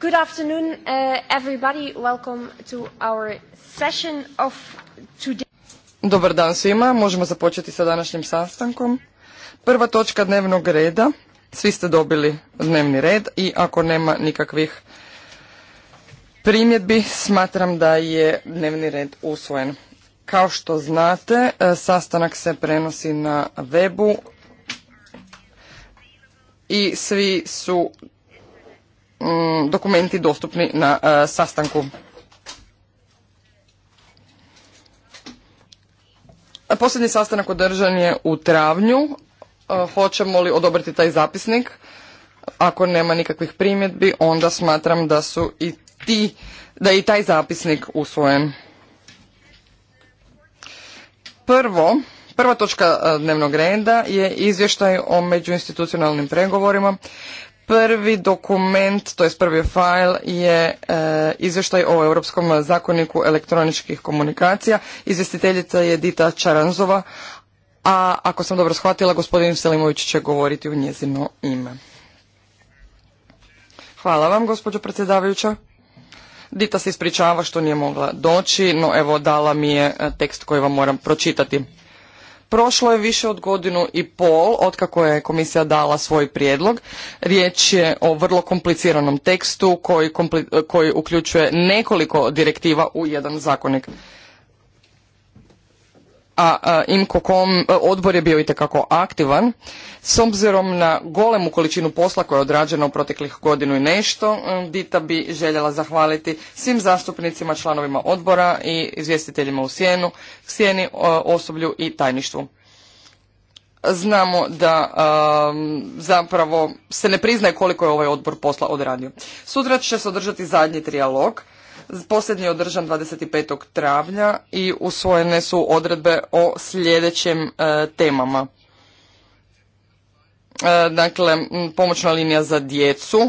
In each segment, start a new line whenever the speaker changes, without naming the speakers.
Good afternoon, uh, everybody. Welcome
to our session of today.
Dobar dan svima. Možemo započeti sa današnjim sastankom. Prva točka dnevnog reda. Svi ste dobili dnevni red i ako nema nikakvih primjedbi, smatram da je dnevni red usvojen. Kao što znate, e, sastanak se prenosi na webu i svi su Mm, dokumenti dostupni na e, sastanku. Posljednji sastanak održan je u travnju. E, hoćemo li odobriti taj zapisnik? Ako nema nikakvih primjedbi, onda smatram da su i ti, da je i taj zapisnik usvojen. Prvo, prva točka e, dnevnog reda je izvještaj o međuinstitucionalnim pregovorima Prvi dokument, to je prvi fajl, je izvještaj o Europskom zakoniku elektroničkih komunikacija. Izvjestiteljica je Dita Čaranzova, a ako sam dobro shvatila, gospodin Selimović će govoriti u njezino ime. Hvala vam, gospođo predsjedavajuća. Dita se ispričava što nije mogla doći, no evo dala mi je e, tekst koji vam moram pročitati. Prošlo je više od godinu i pol otkako je komisija dala svoj prijedlog. Riječ je o vrlo kompliciranom tekstu koji, koji uključuje nekoliko direktiva u jedan zakonik a IMCO.com e, odbor je bio itekako aktivan. S obzirom na golemu količinu posla koja je odrađena u proteklih godinu i nešto, e, Dita bi željela zahvaliti svim zastupnicima, članovima odbora i izvjestiteljima u sjenu, sjeni, e, osoblju i tajništvu. Znamo da zapravo se ne priznaje koliko je ovaj odbor posla odradio. Sutra će se održati zadnji trijalog Posljednji je održan 25. travnja i usvojene su odredbe o sljedećim e, temama. E, dakle, pomoćna linija za djecu. E,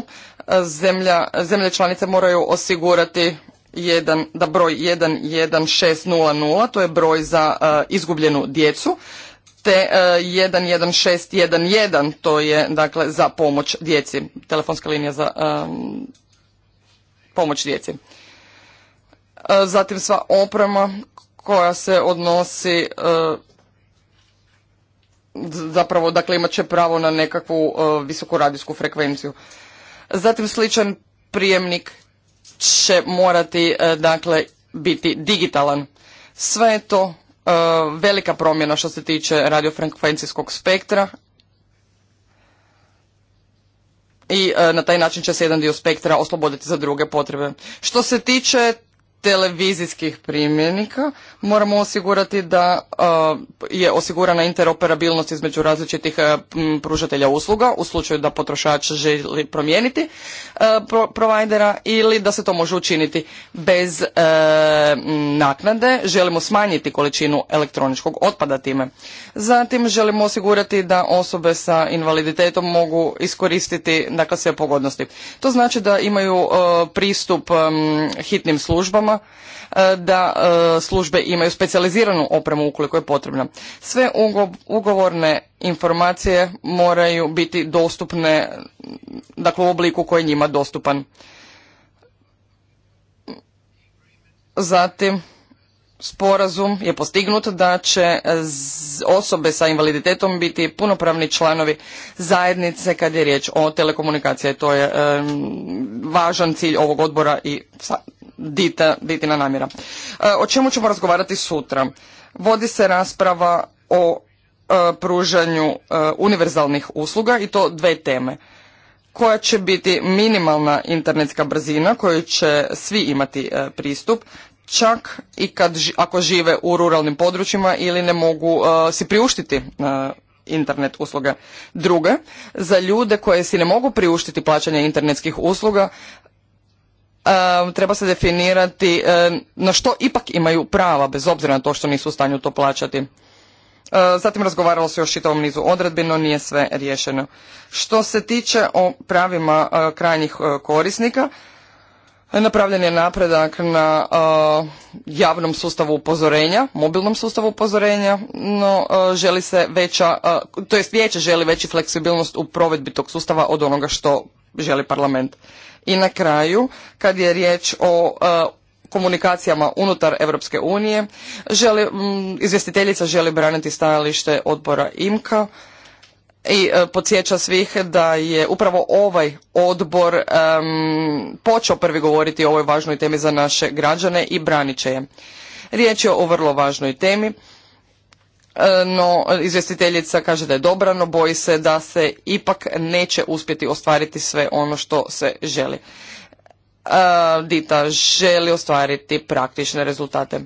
zemlja, zemlje članice moraju osigurati jedan, da broj 11600, to je broj za izgubljenu djecu, te 11611, to je dakle za pomoć djeci, telefonska linija za pomoć djeci. E, zatim sva oprema koja se odnosi e, zapravo dakle imat će pravo na nekakvu e, visoku radijsku frekvenciju. Zatim sličan prijemnik će morati dakle biti digitalan. Sve je to velika promjena što se tiče radiofrekvencijskog spektra i na taj način će se jedan dio spektra osloboditi za druge potrebe. Što se tiče televizijskih primjenika moramo osigurati da e, je osigurana interoperabilnost između različitih e, pružatelja usluga u slučaju da potrošač želi promijeniti e, provajdera ili da se to može učiniti bez naknade. Želimo smanjiti količinu elektroničkog otpada time. Zatim želimo osigurati da osobe sa invaliditetom mogu iskoristiti dakle, sve pogodnosti. To znači da imaju pristup hitnim službama E, da e, službe imaju specijaliziranu opremu ukoliko je potrebna. Sve ugovorne informacije moraju biti dostupne dakle u obliku koji je njima dostupan. Zatim sporazum je postignut da će osobe sa invaliditetom biti punopravni članovi zajednice kad je riječ o telekomunikaciji. To je važan cilj ovog odbora i dita, ditina namjera. E, o čemu ćemo razgovarati sutra? Vodi se rasprava o e, pružanju e, univerzalnih usluga i to dve teme koja će biti minimalna internetska brzina koju će svi imati pristup čak i kad, ako žive u ruralnim područjima ili ne mogu uh, si priuštiti uh, internet usluge. Druge, za ljude koje si ne mogu priuštiti plaćanje internetskih usluga, um, treba se definirati um, na što ipak imaju prava, bez obzira na to što nisu u stanju to plaćati. Uh, zatim razgovaralo se još čitavom nizu odredbi, no nije sve riješeno. Što se tiče o pravima krajnjih korisnika, Napravljen je napredak na javnom sustavu upozorenja, mobilnom sustavu upozorenja, no želi se veća, uh, to jest vijeće želi veći fleksibilnost u provedbi tog sustava od onoga što želi parlament. I na kraju, kad je riječ o komunikacijama unutar Europske unije, želi, izvjestiteljica želi braniti stajalište odbora IMKA, i e, podsjeća svih da je upravo ovaj odbor počeo prvi govoriti o ovoj važnoj temi za naše građane i branit će je. Riječ je o vrlo važnoj temi, e, no izvjestiteljica kaže da je dobra, no boji se da se ipak neće uspjeti ostvariti sve ono što se želi. E, Dita želi ostvariti praktične rezultate.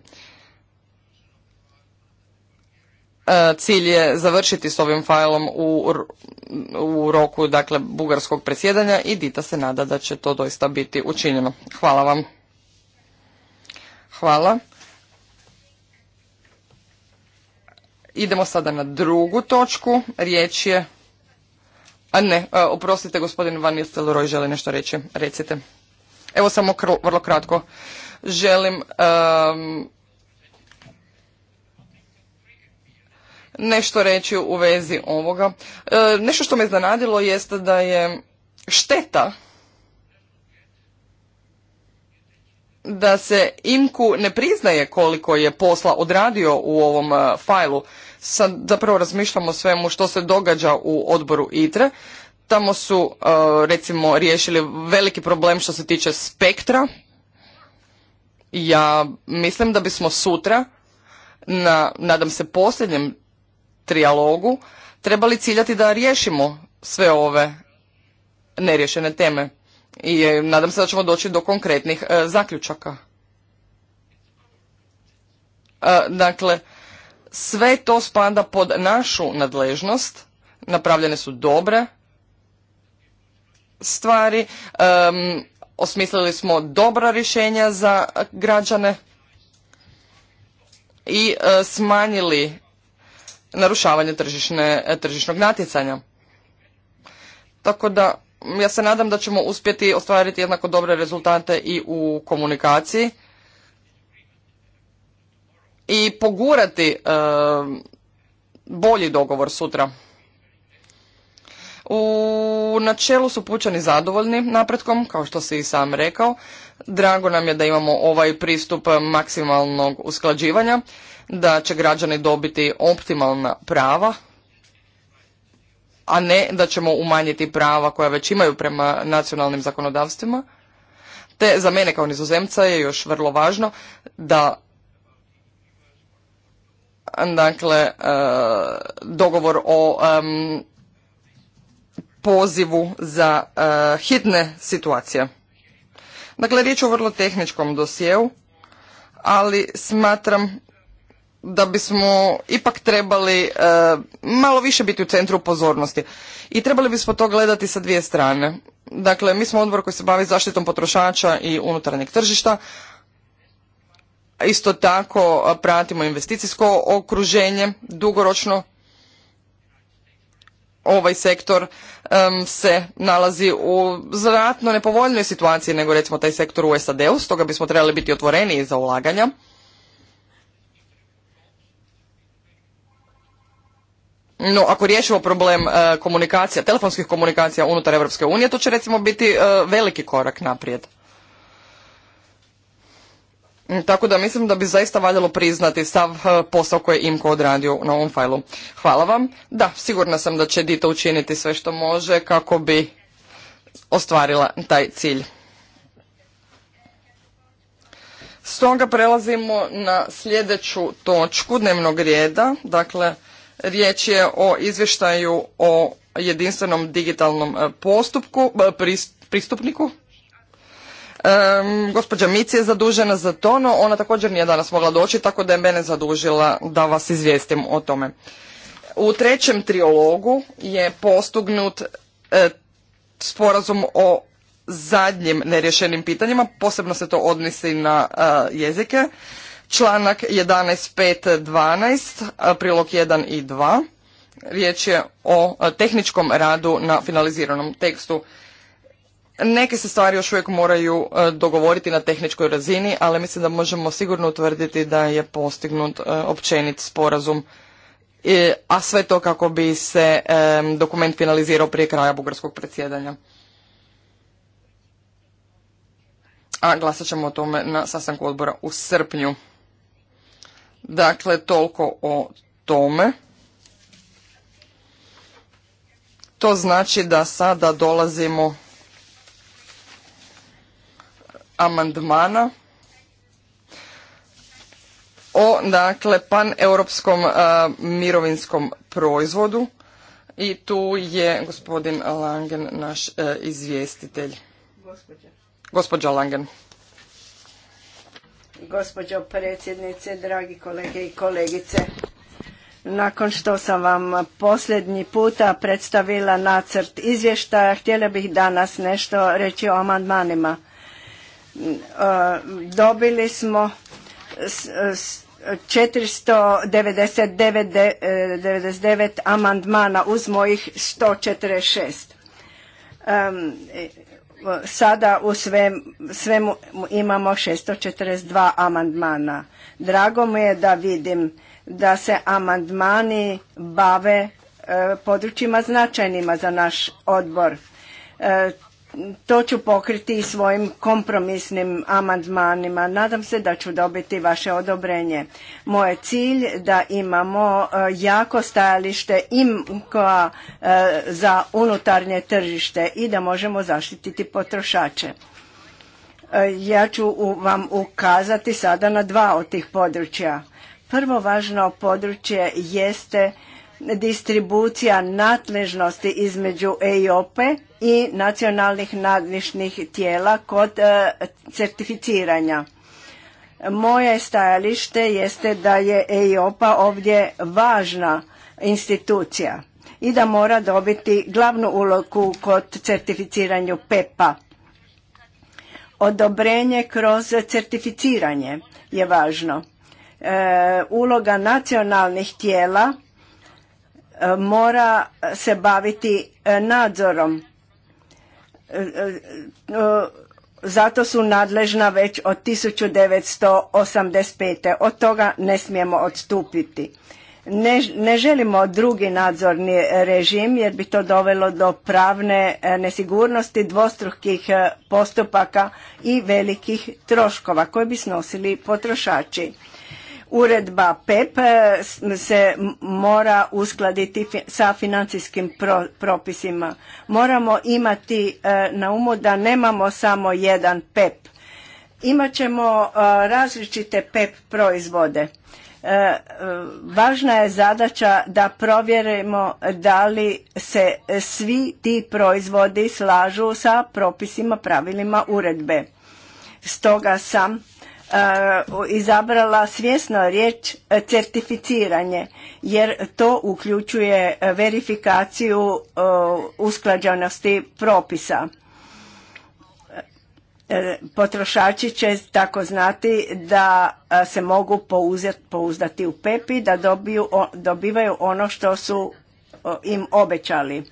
E, cilj je završiti s ovim failom u, u roku dakle, bugarskog predsjedanja i Dita se nada da će to doista biti učinjeno. Hvala vam. Hvala. Idemo sada na drugu točku. Riječ je... A ne, e, oprostite, gospodin Van roj želi nešto reći. Recite. Evo samo vrlo kratko. Želim nešto reći u vezi ovoga. E, nešto što me iznenadilo jeste da je šteta da se Imku ne priznaje koliko je posla odradio u ovom uh, fajlu. Sad zapravo razmišljamo o svemu što se događa u odboru ITRE. Tamo su e, recimo riješili veliki problem što se tiče spektra. Ja mislim da bismo sutra na, nadam se, posljednjem trijalogu trebali ciljati da riješimo sve ove neriješene teme i e, nadam se da ćemo doći do konkretnih e, zaključaka. E, dakle, sve to spada pod našu nadležnost, napravljene su dobre stvari, osmislili smo dobra rješenja za građane i smanjili narušavanje tržišne, tržišnog natjecanja. Tako da ja se nadam da ćemo uspjeti ostvariti jednako dobre rezultate i u komunikaciji i pogurati e, bolji dogovor sutra. U načelu su pučani zadovoljni napretkom, kao što si i sam rekao. Drago nam je da imamo ovaj pristup maksimalnog usklađivanja da će građani dobiti optimalna prava, a ne da ćemo umanjiti prava koja već imaju prema nacionalnim zakonodavstvima. Te za mene kao nizozemca je još vrlo važno da dakle e, dogovor o pozivu za e, hitne situacije. Dakle, riječ je o vrlo tehničkom dosjeu, ali smatram da bismo ipak trebali eh, malo više biti u centru pozornosti. I trebali bismo to gledati sa dvije strane. Dakle, mi smo odbor koji se bavi zaštitom potrošača i unutarnjeg tržišta. Isto tako eh, pratimo investicijsko okruženje, dugoročno ovaj sektor se nalazi u znatno nepovoljnoj situaciji nego recimo taj sektor u SAD-u, stoga bismo trebali biti otvoreni za ulaganja. no, ako riješimo problem e, komunikacija, telefonskih komunikacija unutar Europske unije, to će recimo biti e, veliki korak naprijed. Mm, tako da mislim da bi zaista valjalo priznati sav e, posao koji je Imko odradio na ovom fajlu. Hvala vam. Da, sigurna sam da će Dita učiniti sve što može kako bi ostvarila taj cilj. Stoga prelazimo na sljedeću točku dnevnog reda, dakle Riječ je o izvještaju o jedinstvenom digitalnom e, postupku, e, pristupniku. Um, gospođa Mici je zadužena za to, no ona također nije danas mogla doći, tako da je mene zadužila da vas izvijestim o tome. U trećem triologu je postugnut e, sporazum o zadnjim nerješenim pitanjima, posebno se to odnosi na jezike. Članak 11.5.12, prilog 1 i 2. Riječ je o tehničkom radu na finaliziranom tekstu. Neke se stvari još uvijek moraju dogovoriti na tehničkoj razini, ali mislim da možemo sigurno utvrditi da je postignut općenit sporazum, a sve to kako bi se dokument finalizirao prije kraja bugarskog predsjedanja. A glasat ćemo o tome na sastanku odbora u srpnju. Dakle, toliko o tome. To znači da sada dolazimo amandmana o dakle paneuropskom mirovinskom proizvodu i tu je gospodin Langen naš e, izvjestitelj. Gospođa Langen
gospođo predsjednice, dragi kolege i kolegice.
Nakon što
sam vam posljednji puta predstavila nacrt izvještaja, htjela bih danas nešto reći o amandmanima. E, dobili smo 499 e, amandmana uz mojih 146 sada u svemu imamo 642 amandmana. Drago mi je da vidim da se amandmani bave e, područjima značajnima za naš odbor. E, to ću pokriti svojim kompromisnim amandmanima. Nadam se da ću dobiti vaše odobrenje. Moje cilj da imamo e, jako stajalište imkoa e, za unutarnje tržište i da možemo zaštititi potrošače. E, ja ću vam ukazati sada na dva od tih područja. Prvo važno područje jeste distribucija nadležnosti između EIOPE i nacionalnih nadležnih tijela kod e, certificiranja. Moje stajalište jeste da je EIOPA ovdje važna institucija i da mora dobiti glavnu ulogu kod certificiranju PEPA. Odobrenje kroz certificiranje je važno. E, uloga nacionalnih tijela E, mora se baviti e, nadzorom. E, zato su nadležna već od 1985. Od toga ne smijemo odstupiti. Ne, ne želimo drugi nadzorni režim jer bi to dovelo do pravne nesigurnosti dvostrukih postupaka i velikih troškova koje bi snosili potrošači Uredba PEP e eh, se mora uskladiti sa financijskim propisima. Moramo imati eh, na umu da nemamo samo jedan PEP. Imaćemo eh, različite PEP e proizvode. Važna je zadaća da provjerimo da li se svi ti proizvodi slažu sa propisima, pravilima uredbe. Stoga sam E, izabrala svjesno riječ e, certificiranje jer to uključuje e, verifikaciju usklađenosti propisa. Potrošači će tako znati da se mogu pouzdati u pepi da dobiju, dobivaju ono što su im obećali.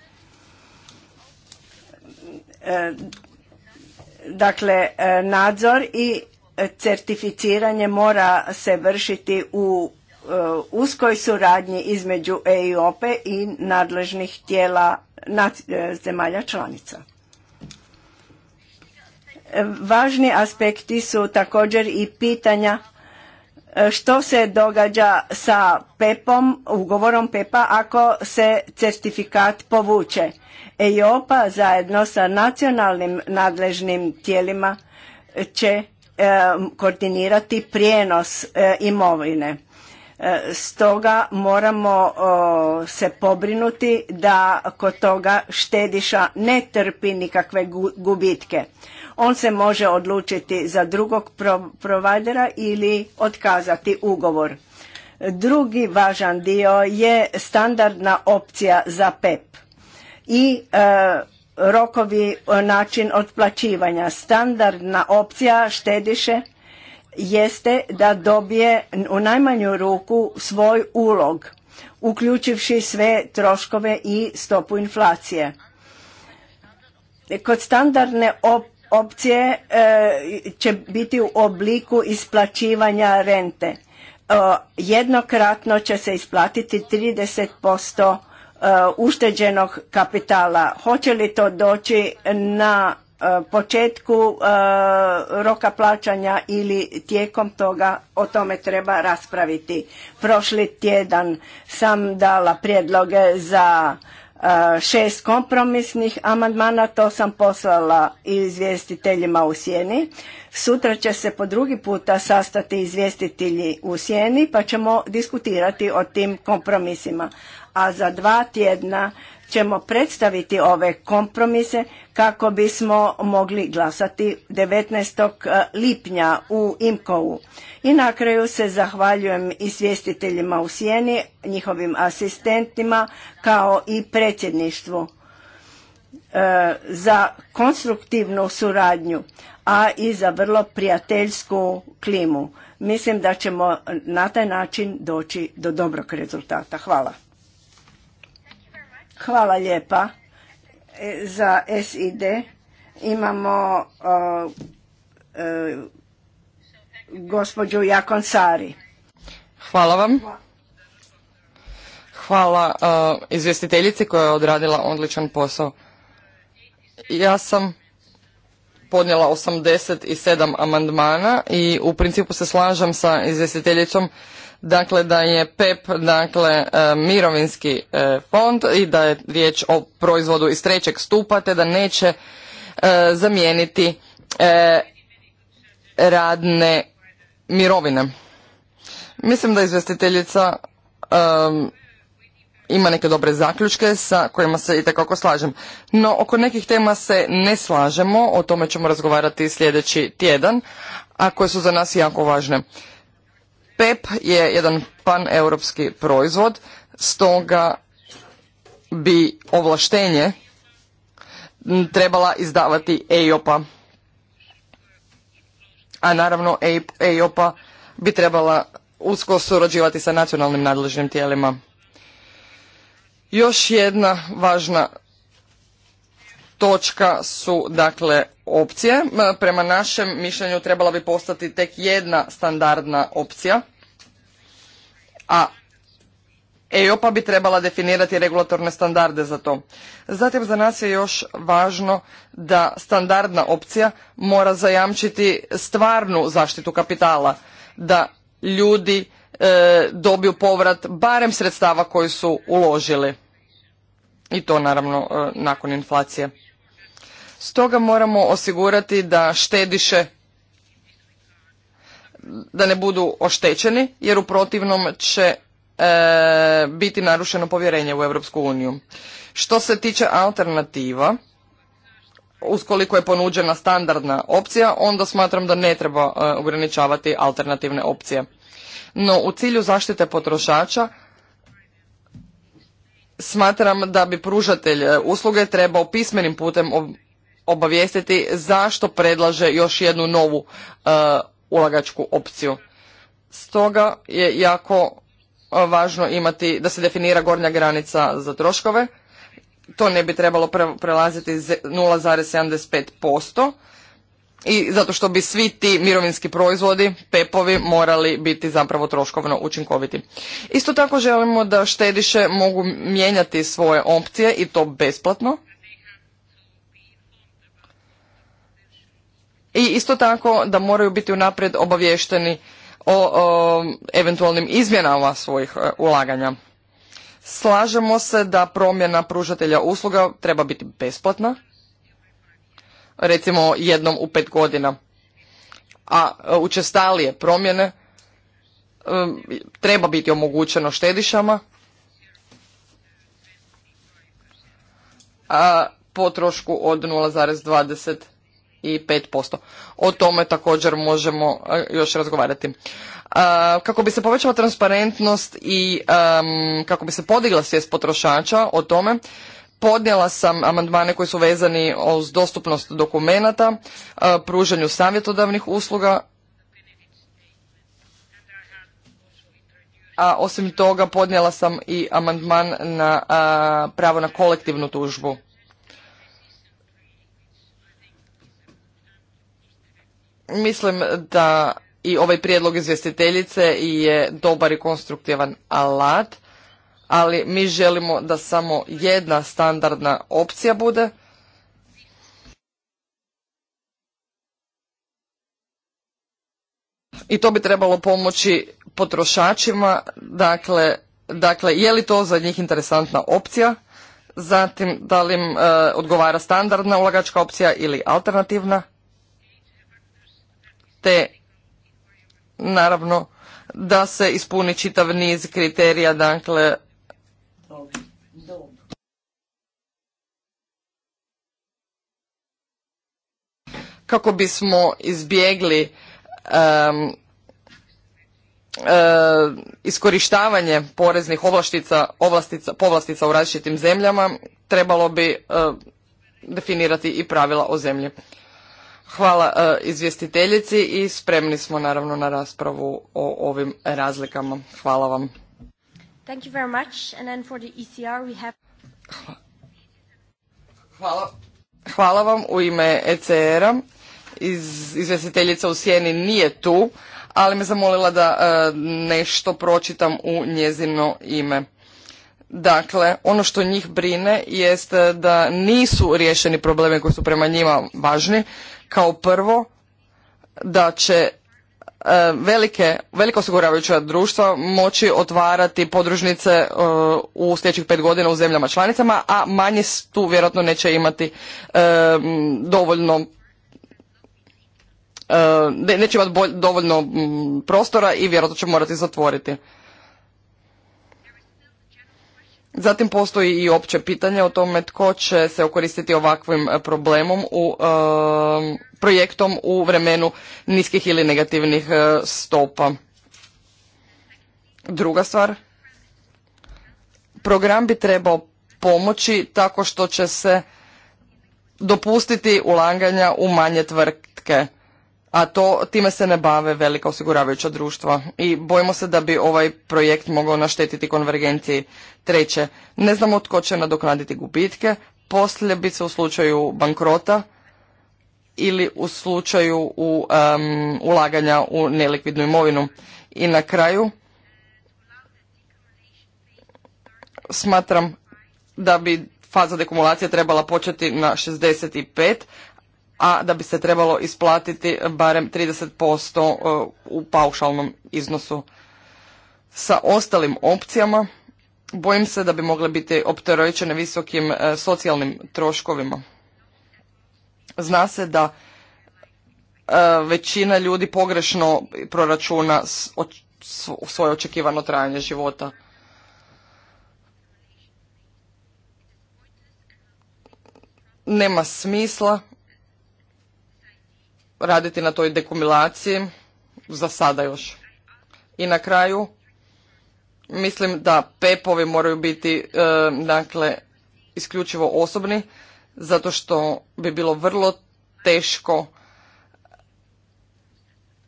Dakle, nadzor i certificiranje mora se vršiti u e, uskoj suradnji između EIOPE i nadležnih tijela e, zemalja članica. Važni aspekti su također i pitanja e, što se događa sa pepom ugovorom PEP-a ako se certifikat povuče. EIOPA zajedno sa nacionalnim nadležnim tijelima će koordinirati prijenos imovine. E, stoga moramo se pobrinuti da kod toga štediša ne trpi nikakve gubitke. On se može odlučiti za drugog provajdera ili otkazati ugovor. Drugi važan dio je standardna opcija za PEP e i e, rokovi, e, način otplaćivanja. Standardna opcija štediše jeste da dobije u najmanju ruku svoj ulog, uključivši sve troškove i stopu inflacije. Kod standardne opcije e, će biti u obliku isplaćivanja rente. E, jednokratno će se isplatiti 30% E, ušteđenog kapitala. Hoće li to doći na e, početku e, roka plaćanja ili tijekom toga o tome treba raspraviti. Prošli tjedan sam dala prijedloge za šest kompromisnih amandmana, to sam poslala izvjestiteljima u sjeni. Sutra će se po drugi puta sastati izvjestitelji u sjeni pa ćemo diskutirati o tim kompromisima a za dva tjedna ćemo predstaviti ove kompromise kako bismo mogli glasati 19. E, lipnja u IMKOU. I na kraju se zahvaljujem svjestiteljima u Sjeni, njihovim asistentima kao i predsjedništvu e, za konstruktivnu suradnju, a i za vrlo prijateljsku klimu. Mislim da ćemo na taj način doći do dobrog rezultata. Hvala. Hvala lijepa e, za SID. Imamo e, gospođu
Jakon gospođu Hvala vam. Hvala e, izvjestiteljici koja je odradila odličan posao. Ja sam podnijela 87 amandmana i u principu se slažem sa izvjestiteljicom dakle da je PEP dakle e, mirovinski e, fond i da je riječ o proizvodu iz trećeg stupa te da neće e, zamijeniti radne mirovine. Mislim da izvjestiteljica ima neke dobre zaključke sa kojima se itekako slažem. No, oko nekih tema se ne slažemo, o tome ćemo razgovarati sljedeći tjedan, a koje su za nas jako važne. PEP je jedan paneuropski proizvod, stoga bi ovlaštenje trebala izdavati EIOPA. A naravno EIOPA bi trebala usko surađivati sa nacionalnim nadležnim tijelima. Još jedna važna točka su dakle opcije. Prema našem mišljenju trebala bi postati tek jedna standardna opcija a EOPA bi trebala definirati regulatorne standarde za to. Zatim za nas je još važno da standardna opcija mora zajamčiti stvarnu zaštitu kapitala, da ljudi e, dobiju povrat barem sredstava koji su uložili. I to naravno e, nakon inflacije. Stoga moramo osigurati da štediše da ne budu oštećeni jer u protivnom će e, biti narušeno povjerenje u Europsku uniju. Što se tiče alternativa, uskoliko je ponuđena standardna opcija, onda smatram da ne treba e, ograničavati alternativne opcije. No u cilju zaštite potrošača smatram da bi pružatelj e, usluge trebao pismenim putem obavijestiti zašto predlaže još jednu novu ulagačku opciju. Stoga je jako važno imati da se definira gornja granica za troškove. To ne bi trebalo prelaziti 0,75% i zato što bi svi ti mirovinski proizvodi, pepovi, morali biti zapravo troškovno učinkoviti. Isto tako želimo da štediše mogu mijenjati svoje opcije i to besplatno i isto tako da moraju biti unaprijed obavješteni o, o eventualnim izmjenama svojih e, ulaganja. Slažemo se da promjena pružatelja usluga treba biti besplatna, recimo jednom u pet godina, a e, učestalije promjene e, treba biti omogućeno štedišama, a po trošku od 0,20 i 5%. O tome također možemo još razgovarati. Kako bi se povećala transparentnost i kako bi se podigla svijest potrošača o tome, podnijela sam amandmane koji su vezani uz dostupnost dokumenata, pružanju savjetodavnih usluga, a osim toga podnijela sam i amandman na pravo na kolektivnu tužbu. Mislim da i ovaj prijedlog izvjestiteljice je dobar i konstruktivan alat, ali mi želimo da samo jedna standardna opcija bude. I to bi trebalo pomoći potrošačima, dakle, dakle je li to za njih interesantna opcija, zatim da li im eh, odgovara standardna ulagačka opcija ili alternativna te naravno da se ispuni čitav niz kriterija, dakle kako bismo izbjegli um, iskorištavanje poreznih ovlaštica, povlastica u različitim zemljama trebalo bi eh, definirati i pravila o zemlji. Hvala e, izvjestiteljici i spremni smo naravno na raspravu o ovim razlikama. Hvala vam. Hvala. vam u ime ECR-a. izvjestiteljica u Sjeni nije tu, ali me zamolila da e, nešto pročitam u njezino ime. Dakle, ono što njih brine jest da nisu riješeni problemi koji su prema njima važni, kao prvo, da će e, velike, velika osiguravajuća društva moći otvarati podružnice e, u sljedećih pet godina u zemljama članicama, a manje tu vjerojatno neće imati e, dovoljno neće imati dovoljno prostora i vjerojatno će morati zatvoriti. Zatim postoji i opće pitanje o tome tko će se okoristiti ovakvim e, problemom u e, projektom u vremenu niskih ili negativnih e, stopa. Druga stvar, program bi trebao pomoći tako što će se dopustiti ulaganja u manje tvrtke a to time se ne bave velika osiguravajuća društva i bojimo se da bi ovaj projekt mogao naštetiti konvergenciji. Treće, ne znamo tko će nadoknaditi gubitke, poslije bi se u slučaju bankrota ili u slučaju u, ulaganja u nelikvidnu imovinu. I na kraju smatram da bi faza dekumulacije trebala početi na 65, a da bi se trebalo isplatiti barem 30% e, u paušalnom iznosu. Sa ostalim opcijama bojim se da bi mogle biti opterećene visokim e, socijalnim troškovima. Zna se da e, većina ljudi pogrešno proračuna svoje očekivano trajanje života. Nema smisla raditi na toj dekumilaciji za sada još. I na kraju mislim da pepovi moraju biti e, dakle isključivo osobni zato što bi bilo vrlo teško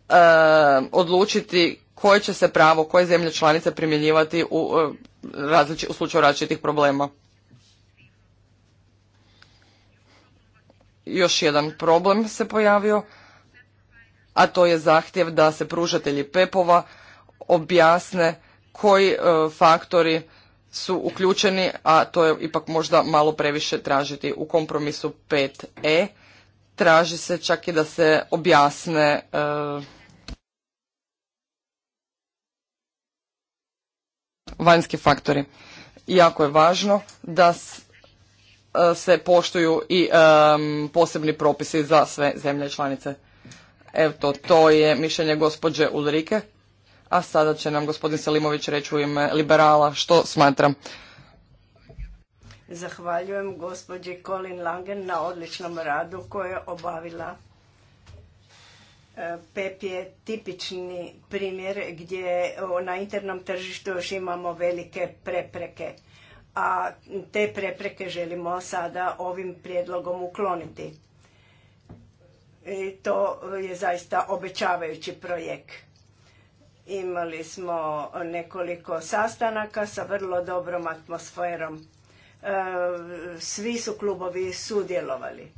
e, odlučiti koje će se pravo, koje zemlje članice primjenjivati u, e, u slučaju različitih problema. Još jedan problem se pojavio a to je zahtjev da se pružatelji pepova objasne koji e, faktori su uključeni, a to je ipak možda malo previše tražiti u kompromisu 5e. Traži se čak i da se objasne e, vanjski faktori. Jako je važno da e, se poštuju i posebni propisi za sve zemlje članice. Eto, to je mišljenje gospođe Ulrike. A sada će nam gospodin Selimović reći u ime liberala što smatram.
Zahvaljujem gospođi Colin Langen na odličnom radu koje je obavila. E, PEP je tipični primjer gdje na internom tržištu još imamo velike prepreke, a te prepreke želimo sada ovim prijedlogom ukloniti to je zaista obećavajući projekt. Imali smo nekoliko sastanaka sa vrlo dobrom atmosferom. E, svi su klubovi sudjelovali.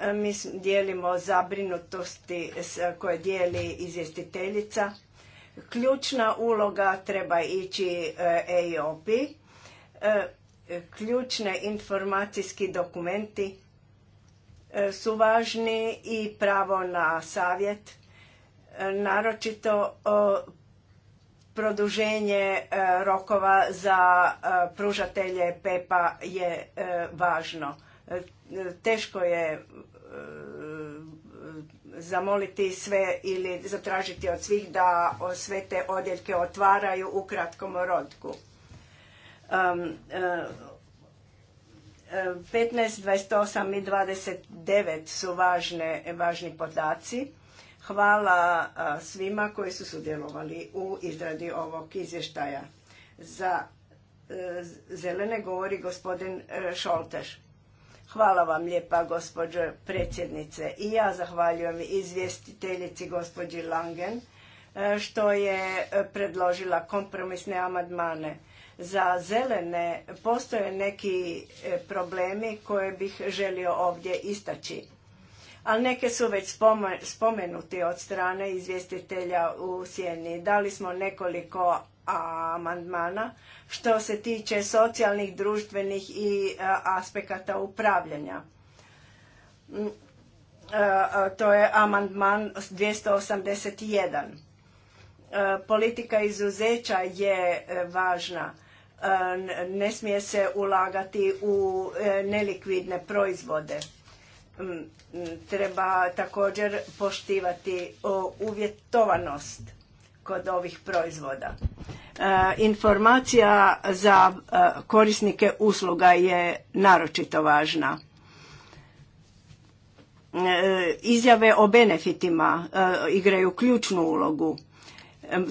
E, mi dijelimo zabrinutosti koje dijeli izvjestiteljica. Ključna uloga treba ići EIOP. E, ključne informacijski dokumenti E, su važni i pravo na savjet, e, naročito produženje e, rokova za pružatelje PEPA je važno. Teško je zamoliti sve ili zatražiti od svih da sve te odjeljke otvaraju u kratkom rodku. Um, 15, 28 i 29 su važni podaci. Hvala svima koji su sudjelovali u izradi ovog izvještaja. Za e, zelene govori gospodin e, Šolteš. Hvala vam lijepa gospođo predsjednice i ja zahvaljujem izvjestiteljici gospođi Langen e, što je predložila kompromisne amandmane za zelene postoje neki e, problemi koje bih želio ovdje istaći, ali neke su već spomenuti od strane izvjestitelja u sjeni. Dali smo nekoliko amandmana što se tiče socijalnih, društvenih i e, aspekata upravljanja. Mm, e, to je amandman 281. Politika izuzeća je važna ne smije se ulagati u e, nelikvidne proizvode. Mm, mm, treba također poštivati uvjetovanost kod ovih proizvoda. E, informacija za e, korisnike usluga je naročito važna. Izjave o benefitima igraju ključnu ulogu.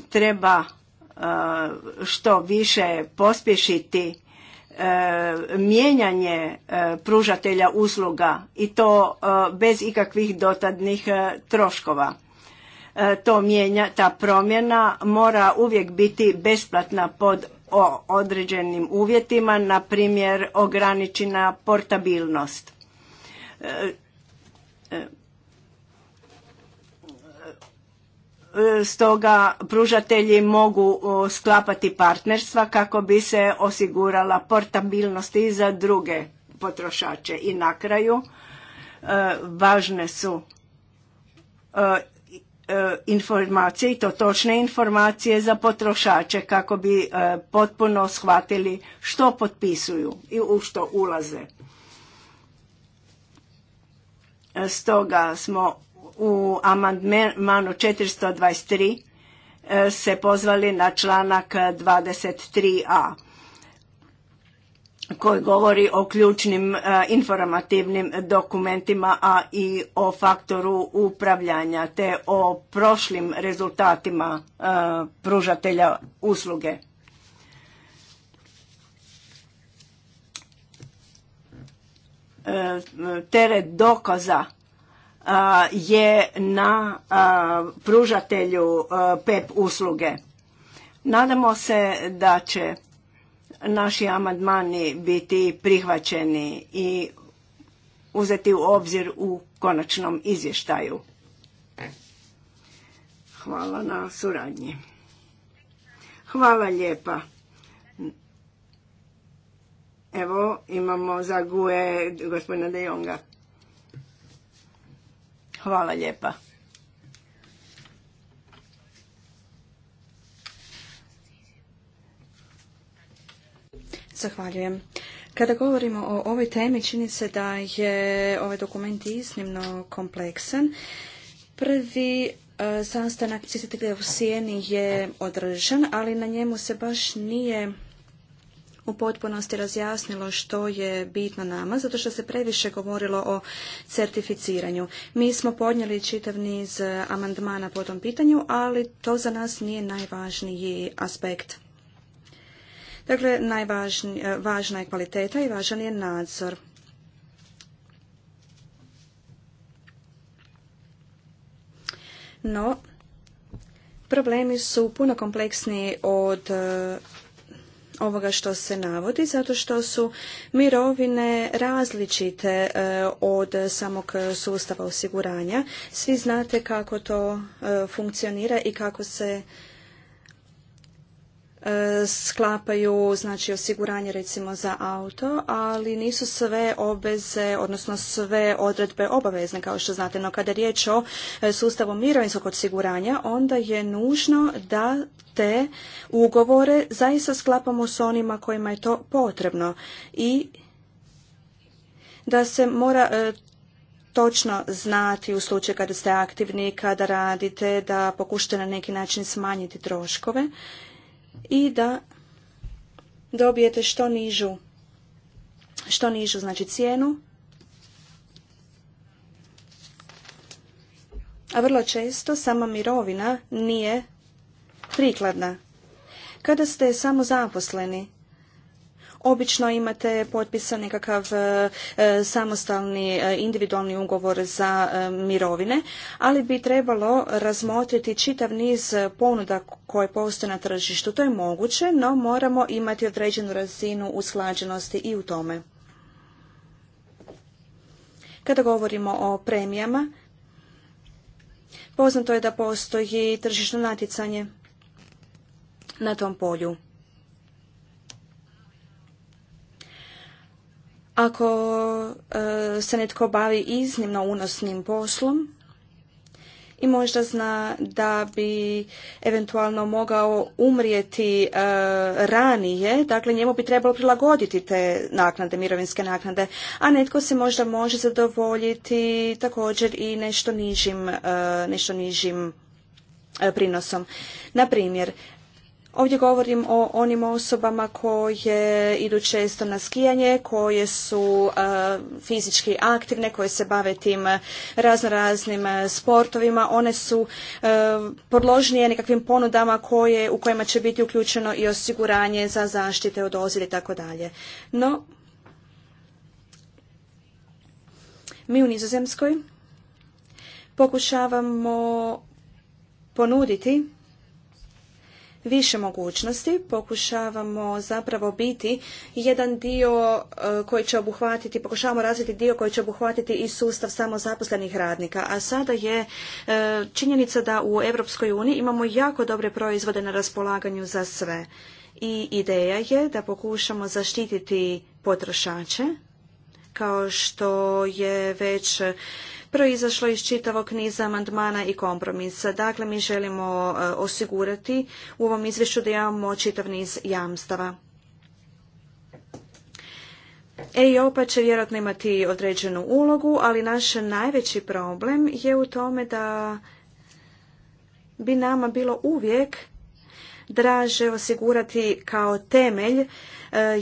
Treba što više pospješiti e, mijenjanje e, pružatelja usluga i to e, bez ikakvih dotadnih troškova. To mijenja, ta promjena mora uvijek biti besplatna pod određenim uvjetima, na primjer ograničena portabilnost. E, stoga pružatelji mogu sklapati partnerstva kako bi se osigurala portabilnost i za druge potrošače. I na kraju e, važne su e, informacije i to točne informacije za potrošače kako bi potpuno shvatili što potpisuju i u što ulaze. Stoga smo u amandmanu 423 e, se pozvali na članak 23a koji govori o ključnim e, informativnim dokumentima, a i o faktoru upravljanja te o prošlim rezultatima e, pružatelja usluge. Teret dokaza je na pružatelju PEP e usluge. Nadamo se da će naši amandmani biti prihvaćeni i uzeti u obzir u konačnom izvještaju. Hvala na suradnji. Hvala lijepa. Evo imamo za guje gospodina De Hvala lijepa.
Zahvaljujem. Kada govorimo o ovoj temi, čini se da je ovaj dokument iznimno kompleksan. Prvi e, sastanak CCTV u Sijeni je održan, ali na njemu se baš nije u potpunosti razjasnilo što je bitno nama, zato što se previše govorilo o certificiranju. Mi smo podnijeli čitav niz e, amandmana po tom pitanju, ali to za nas nije najvažniji aspekt. Dakle, najvažna e, važna je kvaliteta i važan je nadzor. No, problemi su puno kompleksniji od e, ovoga što se navodi zato što su mirovine različite e, od samog sustava osiguranja. Svi znate kako to e, funkcionira i kako se E, sklapaju znači osiguranje recimo za auto, ali nisu sve obveze, odnosno sve odredbe obavezne kao što znate. No kada je riječ o e, sustavu mirovinskog osiguranja, onda je nužno da te ugovore zaista sklapamo s onima kojima je to potrebno i da se mora e, točno znati u slučaju kada ste aktivni, kada radite, da pokušate na neki način smanjiti troškove i da dobijete što nižu što nižu znači cijenu a vrlo često sama mirovina nije prikladna. Kada ste zaposleni. Obično imate potpisan nekakav e, e, samostalni e, individualni ugovor za mirovine, ali bi trebalo razmotriti čitav niz ponuda koje postoje na tržištu. To je moguće, no moramo imati određenu razinu usklađenosti i u tome. Kada govorimo o premijama, poznato je da postoji tržišno natjecanje na tom polju. Ako e, se netko bavi iznimno unosnim poslom i možda zna da bi eventualno mogao umrijeti e, ranije, dakle njemu bi trebalo prilagoditi te naknade, mirovinske naknade, a netko se možda može zadovoljiti također i nešto nižim, e, nešto nižim prinosom. Na primjer, Ovdje govorim o onim osobama koje idu često na skijanje, koje su e, fizički aktivne, koje se bave tim raznoraznim e, sportovima. One su e, podložnije nekakvim ponudama koje, u kojima će biti uključeno i osiguranje za zaštite od i tako dalje. No, mi u Nizozemskoj pokušavamo ponuditi više mogućnosti. Pokušavamo zapravo biti jedan dio e, koji će obuhvatiti, pokušavamo razviti dio koji će obuhvatiti i sustav samozaposlenih radnika. A sada je e, činjenica da u Europskoj uniji imamo jako dobre proizvode na raspolaganju za sve. I ideja je da pokušamo zaštititi potrošače, kao što je već proizašlo iz čitavog niza amandmana i kompromisa. Dakle, mi želimo e, osigurati u ovom izvješću da imamo čitav niz jamstava. EIOPA će vjerojatno imati određenu ulogu, ali naš najveći problem je u tome da bi nama bilo uvijek draže osigurati kao temelj e,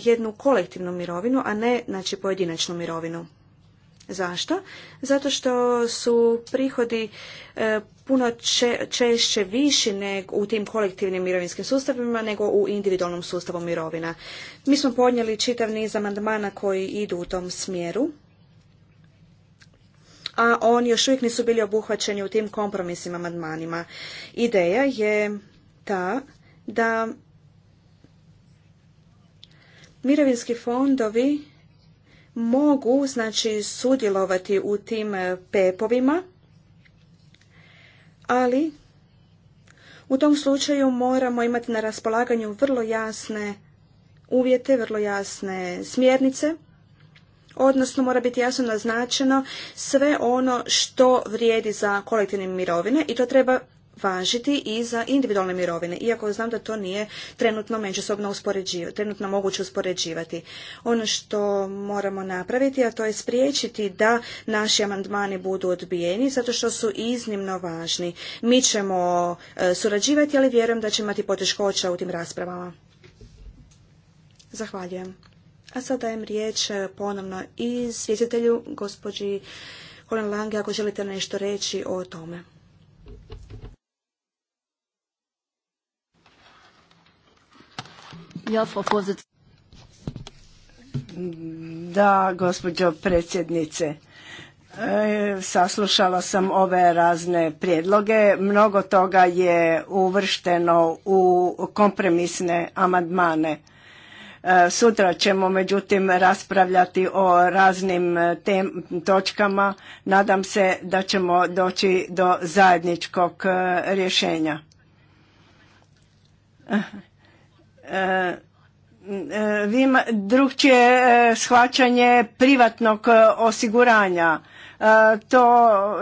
jednu kolektivnu mirovinu, a ne znači pojedinačnu mirovinu. Zašto? Zato što su prihodi e, puno če, češće viši neg u tim kolektivnim mirovinskim sustavima nego u individualnom sustavu mirovina. Mi smo podnijeli čitav niz amandmana koji idu u tom smjeru, a oni još uvijek nisu bili obuhvaćeni u tim kompromisnim amandmanima. Ideja je ta da mirovinski fondovi mogu znači sudjelovati u tim e, pepovima, ali u tom slučaju moramo imati na raspolaganju vrlo jasne uvjete, vrlo jasne smjernice, odnosno mora biti jasno naznačeno sve ono što vrijedi za kolektivne mirovine i to treba važiti i za individualne mirovine, iako znam da to nije trenutno međusobno uspoređivati, trenutno moguće uspoređivati. Ono što moramo napraviti, a to je spriječiti da naši amandmani budu odbijeni, zato što su iznimno važni. Mi ćemo e, surađivati, ali vjerujem da će imati poteškoća u tim raspravama. Zahvaljujem. A sada dajem riječ e, ponovno i svjetitelju, gospođi Holen Lange, ako želite nešto reći o tome. Ja, Frau
Da, gospođo predsjednice. E, saslušala sam ove razne prijedloge. Mnogo toga je uvršteno u kompromisne amandmane. E, sutra ćemo međutim raspravljati o raznim tem, točkama. Nadam se da ćemo doći do zajedničkog e, rješenja. E, vi drugčije e, shvaćanje privatnog e, osiguranja. To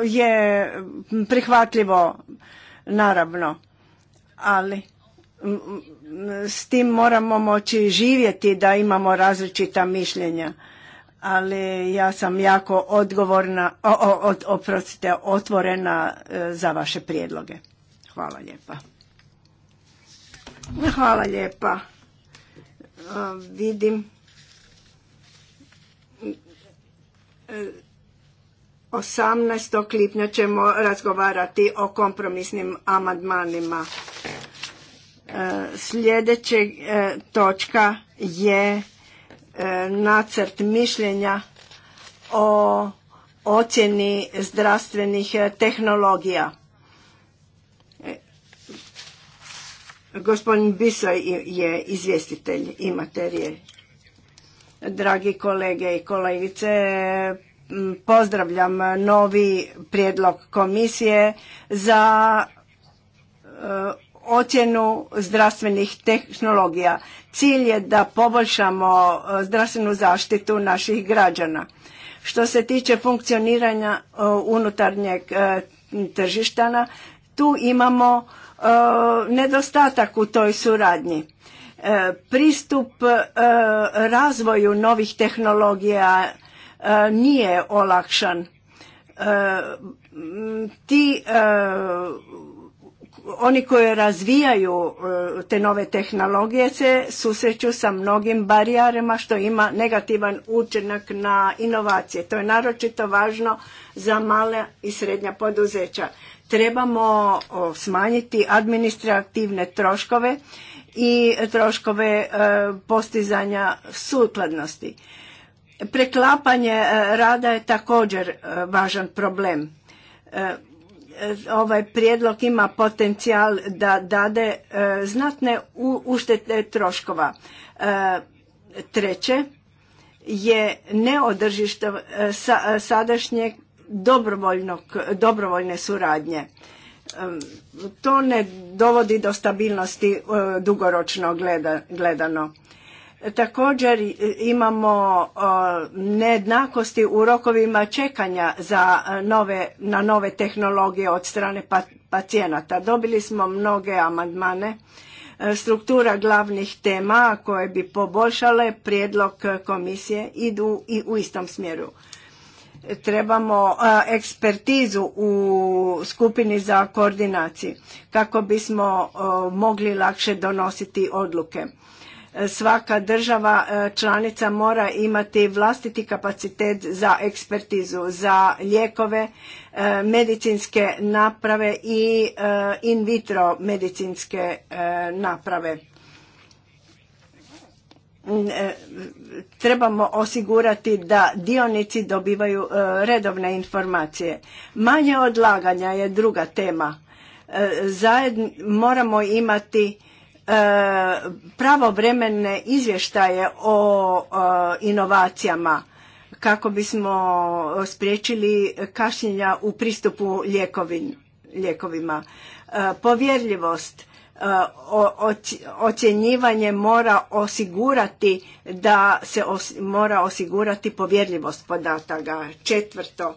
je prihvatljivo, naravno, ali s tim moramo moći živjeti da imamo različita mišljenja. Ali ja sam jako odgovorna, oprostite, otvorena za vaše prijedloge. Hvala lijepa. Hvala lijepa. E, vidim. E, osamnaest lipnja ćemo razgovarati o kompromisnim amandmanima. E, Sljedeća točka je nacrt mišljenja o ocjeni zdravstvenih tehnologija. Gospodin Biso je izvjestitelj, i materije. Dragi kolege i kolegice, pozdravljam novi prijedlog komisije za e, ocjenu zdravstvenih tehnologija. Cilj je da poboljšamo e, zdravstvenu zaštitu naših građana. Što se tiče funkcioniranja e, unutarnjeg tržištana, tu imamo E, nedostatak u toj suradnji. E, pristup e, razvoju novih tehnologija nije olakšan. Ti oni koji razvijaju te nove tehnologije se susreću sa mnogim barijarima što ima negativan učinak na inovacije. To je naročito važno za male i srednja poduzeća. Trebamo smanjiti administrativne troškove i troškove e, postizanja sukladnosti. Preklapanje e, rada je također e, važan problem. Ovaj prijedlog ima potencijal da dade znatne uštete troškova. Treće je neodržište sadašnjeg dobrovoljne suradnje. To ne dovodi do stabilnosti e, dugoročno gledano. Također imamo e, nejednakosti u rokovima čekanja za e, nove, na nove tehnologije od strane pa, pacijenata. Dobili smo mnoge amandmane. Struktura glavnih tema koje bi poboljšale prijedlog komisije idu i u istom smjeru trebamo ekspertizu u skupini za koordinaciju kako bismo mogli lakše donositi odluke. Svaka država članica mora imati vlastiti kapacitet za ekspertizu, za lijekove, medicinske naprave i in vitro medicinske naprave Mm, e, trebamo osigurati da dionici dobivaju e, redovne informacije. Manje odlaganja je druga tema. E, Zajedno moramo imati pravovremene izvještaje o inovacijama kako bismo spriječili kašnjenja u pristupu lijekovima. Povjerljivost E, ocjenjivanje mora osigurati da se mora osigurati povjerljivost podataka. Četvrto,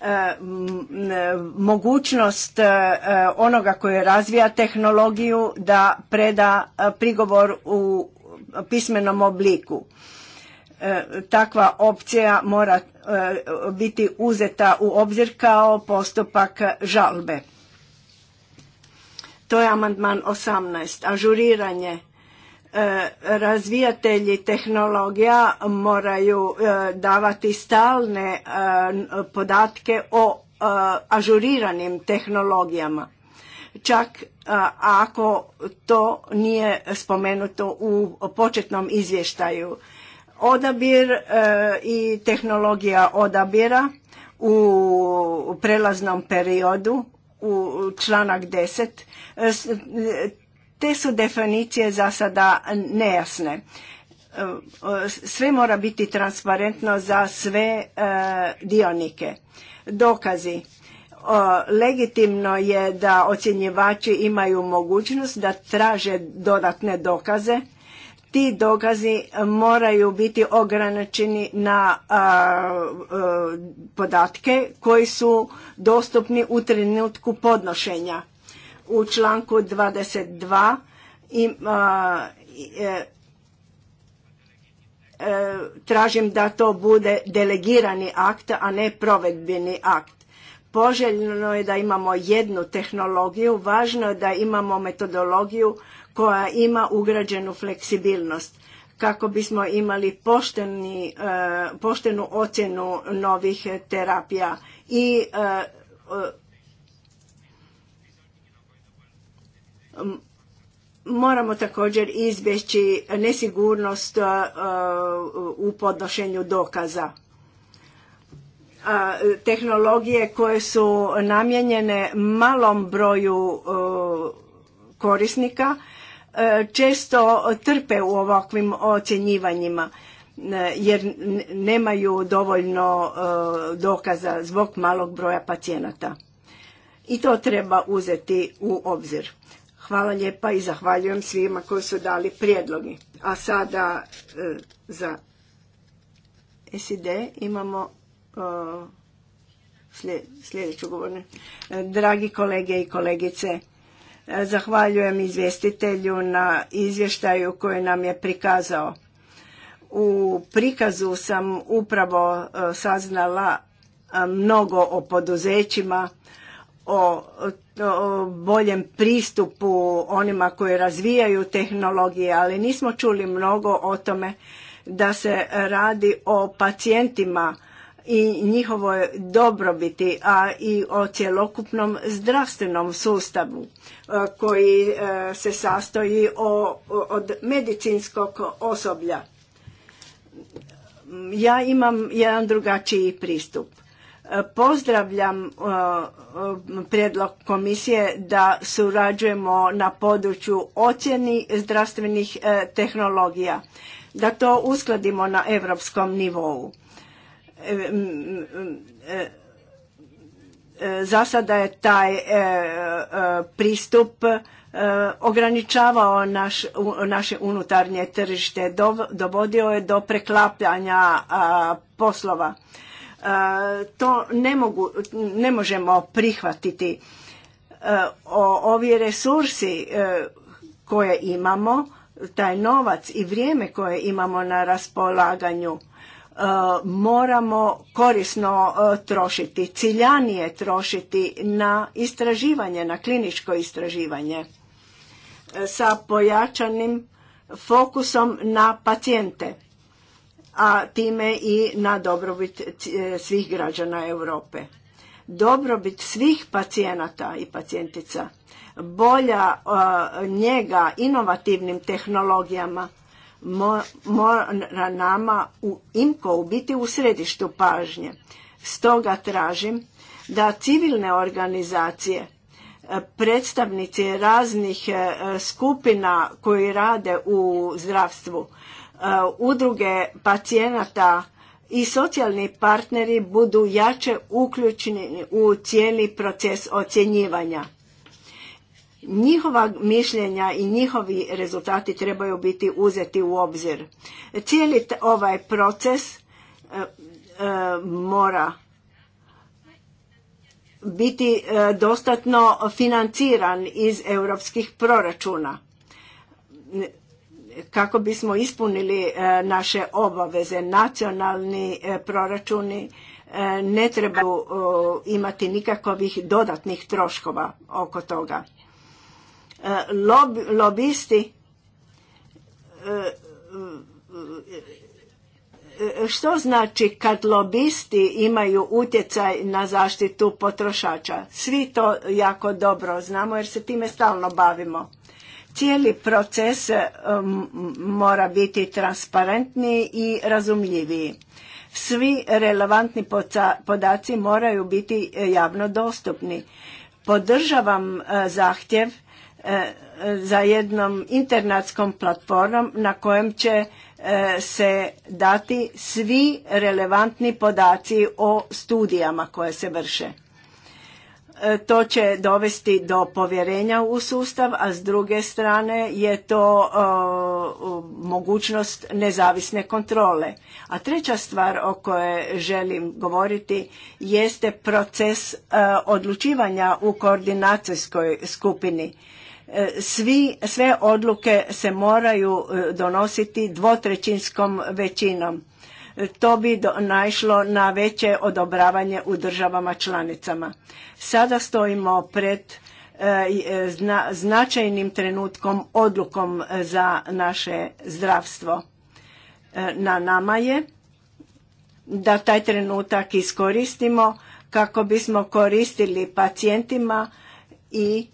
e, e, mogućnost onoga koji razvija tehnologiju da preda prigovor u pismenom obliku. Takva opcija mora biti uzeta u obzir kao postupak žalbe to je amandman 18. Ažuriranje. E, razvijatelji tehnologija moraju e, davati stalne e, podatke o ažuriranim tehnologijama. Čak ako to nije spomenuto u početnom izvještaju. Odabir i tehnologija odabira u prelaznom periodu u članak 10 te su definicije za sada nejasne. E, sve mora biti transparentno za sve e, dionike. Dokazi. E, legitimno je da ocjenjivači imaju mogućnost da traže dodatne dokaze. Ti dokazi moraju biti ograničeni na podatke koji su dostupni u trenutku podnošenja u članku 22 i, e, e, tražim da to bude delegirani akt, a ne provedbeni akt. Poželjno je da imamo jednu tehnologiju, važno je da imamo metodologiju koja ima ugrađenu fleksibilnost kako bismo imali pošteni, e, poštenu ocjenu novih terapija i Moramo također izbjeći nesigurnost u podnošenju dokaza. Tehnologije koje su namijenjene malom broju korisnika e, često trpe u ovakvim ocjenjivanjima e, jer nemaju dovoljno dokaza zbog malog broja pacijenata. I to treba uzeti u obzir. Hvala lijepa i zahvaljujem svima koji su dali prijedlogi. A sada e, za SID imamo e, sljedeću govornu. E, dragi kolege i kolegice, zahvaljujem izvjestitelju na izvještaju koji nam je prikazao. U prikazu sam upravo saznala mnogo o poduzećima, o boljem pristupu onima koji razvijaju tehnologije, ali nismo čuli mnogo o tome da se radi o pacijentima i njihovoj dobrobiti, a i o cjelokupnom zdravstvenom sustavu e, koji e, se sastoji od medicinskog osoblja. Ja imam jedan drugačiji pristup. Pozdravljam uh, uh, prijedlog komisije da surađujemo na području ocjeni zdravstvenih uh, tehnologija, da to uskladimo na europskom nivou. E, e, e, za sada je taj pristup ograničavao naše unutarnje tržište, dovodio je do preklapljanja poslova to ne, mogu, ne možemo prihvatiti. O, ovi resursi e, koje imamo, taj novac i vrijeme koje imamo na raspolaganju e, moramo korisno e, trošiti, ciljanije trošiti na istraživanje, na kliničko istraživanje sa pojačanim fokusom na pacijente a time i na dobrobit e, svih građana Europe. Dobrobit svih pacijenata i pacijentica, bolja e, njega inovativnim tehnologijama mora nama u imko biti u središtu pažnje. Stoga tražim da civilne organizacije, e, predstavnici raznih skupina koji rade u zdravstvu, Uh, udruge pacijenata i socijalni partneri budu jače uključeni u cijeli proces ocjenjivanja. Njihova mišljenja i njihovi rezultati trebaju biti uzeti u obzir. Cijeli ovaj proces uh, uh, mora biti dostatno financiran iz europskih proračuna kako bismo ispunili e, naše obaveze. Nacionalni e, proračuni e, ne trebaju imati nikakvih dodatnih troškova oko toga. lobisti što znači kad lobisti imaju utjecaj na zaštitu potrošača? Svi to jako dobro znamo jer se time stalno bavimo. Cijeli proces eh, mora biti transparentniji i razumljiviji. Svi relevantni podaci moraju biti eh, javno dostupni. Podržavam eh, zahtjev za jednom internatskom platformom na kojem će se dati svi relevantni podaci o studijama koje se vrše. E, to će dovesti do povjerenja u sustav, a s druge strane je to e, mogućnost nezavisne kontrole. A treća stvar o kojoj želim govoriti jeste proces e, odlučivanja u koordinacijskoj skupini. svi, sve odluke se moraju donositi dvotrećinskom većinom E, to bi naišlo na veće odobravanje u državama članicama. Sada stojimo pred e, e, značajnim trenutkom odlukom za naše zdravstvo. Na nama je da taj trenutak iskoristimo kako bismo koristili pacijentima i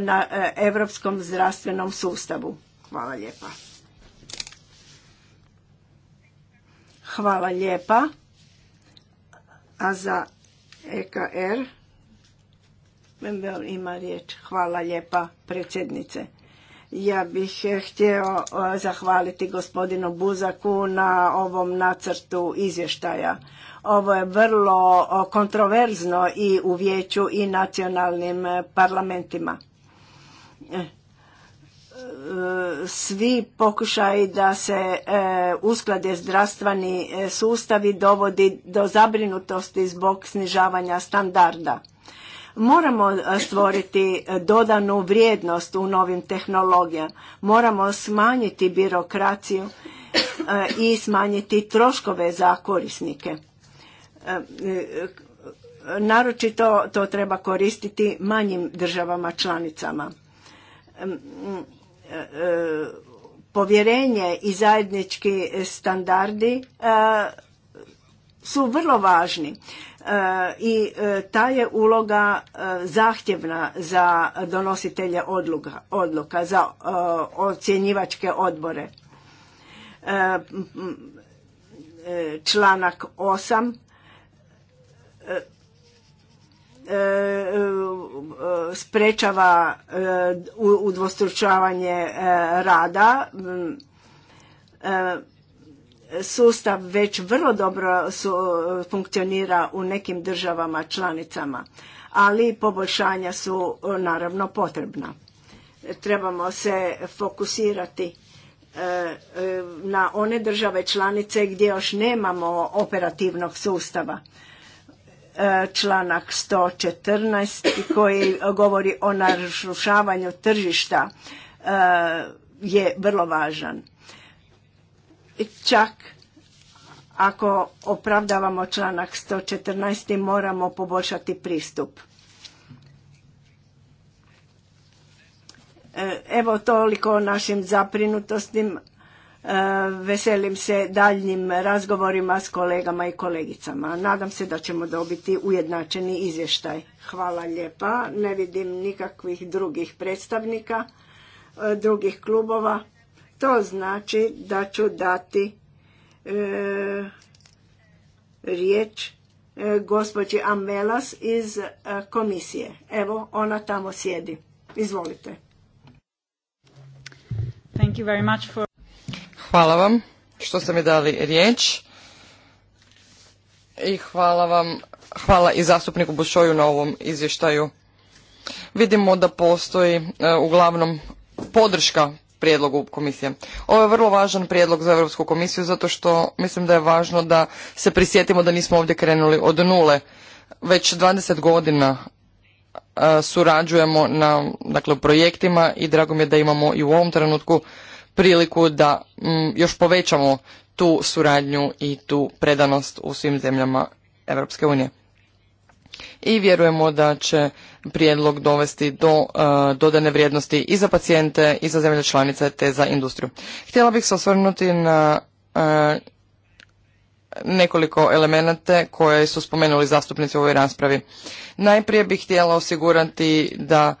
na europskom zdravstvenom sustavu. Hvala lijepa. Hvala lijepa. A za EKR ima riječ. Hvala lijepa predsjednice. Ja bih htio e, zahvaliti gospodinu Buzaku na ovom nacrtu izvještaja. Ovo je vrlo e, kontroverzno i u vijeću i nacionalnim e, parlamentima svi pokušaji da se e, usklade zdravstveni e, sustavi dovodi do zabrinutosti zbog snižavanja standarda. Moramo e, stvoriti dodanu vrijednost u novim tehnologijama. Moramo smanjiti birokraciju i smanjiti troškove za korisnike. Naročito to treba koristiti manjim državama članicama povjerenje i zajednički standardi e, su vrlo važni e, i e, ta je uloga zahtjevna za donositelje odluka, odluka za ocjenjivačke odbore. Članak 8 E, e, sprečava e, udvostručavanje rada. Mm, sustav već vrlo dobro funkcionira u nekim državama članicama, ali poboljšanja su naravno potrebna. Trebamo se fokusirati na one države članice gdje još nemamo operativnog sustava E, članak 114 koji govori o narušavanju tržišta e, je vrlo važan. Čak ako opravdavamo članak 114 moramo poboljšati pristup. E, evo toliko o našim zaprinutostima E, veselim se daljnjim razgovorima s kolegama i kolegicama. Nadam se da ćemo dobiti ujednačeni izvještaj. Hvala lijepa. Ne vidim nikakvih drugih predstavnika, e, drugih klubova. To znači da ću dati e, riječ gospođi Amelas iz komisije. Evo, ona tamo sjedi. Izvolite.
Thank you Hvala vam što ste mi dali riječ i hvala vam, hvala i zastupniku Bušoju na ovom izvještaju. Vidimo da postoji e, uglavnom podrška prijedlogu komisije. Ovo je vrlo važan prijedlog za Europsku komisiju zato što mislim da je važno da se prisjetimo da nismo ovdje krenuli od nule. Već 20 godina e, surađujemo na dakle, projektima i drago mi je da imamo i u ovom trenutku priliku da mm, još povećamo tu suradnju i tu predanost u svim zemljama Europske unije. I vjerujemo da će prijedlog dovesti do e, dodane vrijednosti i za pacijente i za zemlje članice te za industriju. Htjela bih se osvrnuti na e, nekoliko elemenata koje su spomenuli zastupnici u ovoj raspravi. Najprije bih htjela osigurati da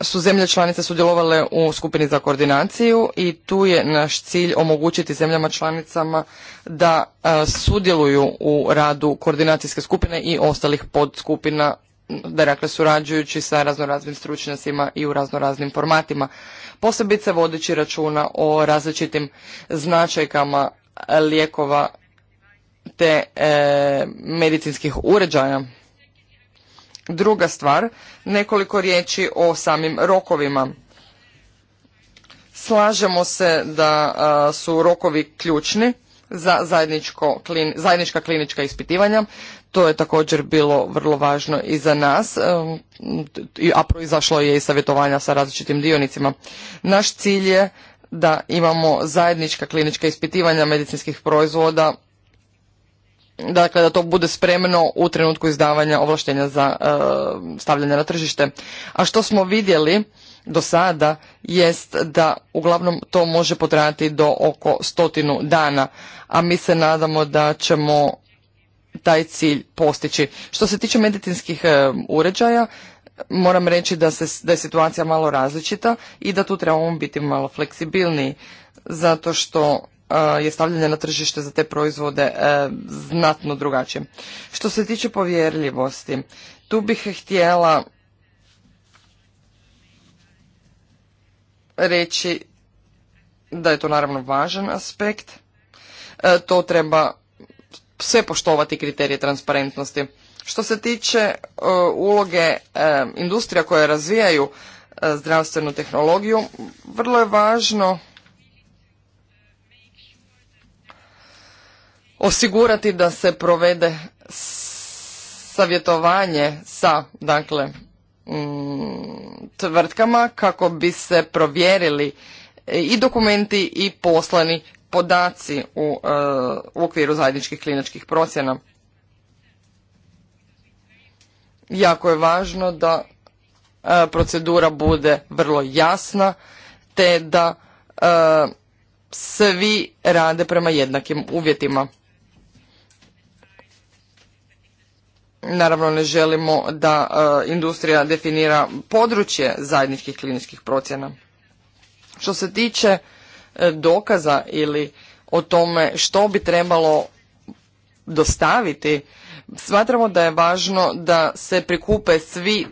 su zemlje članice sudjelovale u skupini za koordinaciju i tu je naš cilj omogućiti zemljama članicama da e, sudjeluju u radu koordinacijske skupine i ostalih podskupina, dakle surađujući sa raznoraznim stručnjacima i u raznoraznim formatima. Posebice vodeći računa o različitim značajkama lijekova te e, medicinskih uređaja. Druga stvar, nekoliko riječi o samim rokovima. Slažemo se da su rokovi ključni za zajednička klinička ispitivanja. To je također bilo vrlo važno i za nas, a proizašlo je i savjetovanja sa različitim dionicima. Naš cilj je da imamo zajednička klinička ispitivanja medicinskih proizvoda dakle da to bude spremno u trenutku izdavanja ovlaštenja za e, stavljanje na tržište. A što smo vidjeli do sada jest da uglavnom to može potrajati do oko stotinu dana, a mi se nadamo da ćemo taj cilj postići. Što se tiče medicinskih e, uređaja, moram reći da, se, da je situacija malo različita i da tu trebamo biti malo fleksibilniji, zato što E, je stavljanje na tržište za te proizvode e, znatno drugačije. Što se tiče povjerljivosti, tu bih htjela reći da je to naravno važan aspekt. E, to treba sve poštovati kriterije transparentnosti. Što se tiče uloge industrija koje razvijaju zdravstvenu tehnologiju, vrlo je važno osigurati da se provede savjetovanje sa dakle mm, tvrtkama kako bi se provjerili i dokumenti i poslani podaci u, e, okviru zajedničkih kliničkih procjena. Jako je važno da e, procedura bude vrlo jasna te da e, svi rade prema jednakim uvjetima. Naravno ne želimo da e, industrija definira područje zajedničkih kliničkih procjena. Što se tiče e, dokaza ili o tome što bi trebalo dostaviti, smatramo da je važno da se prikupe svi e,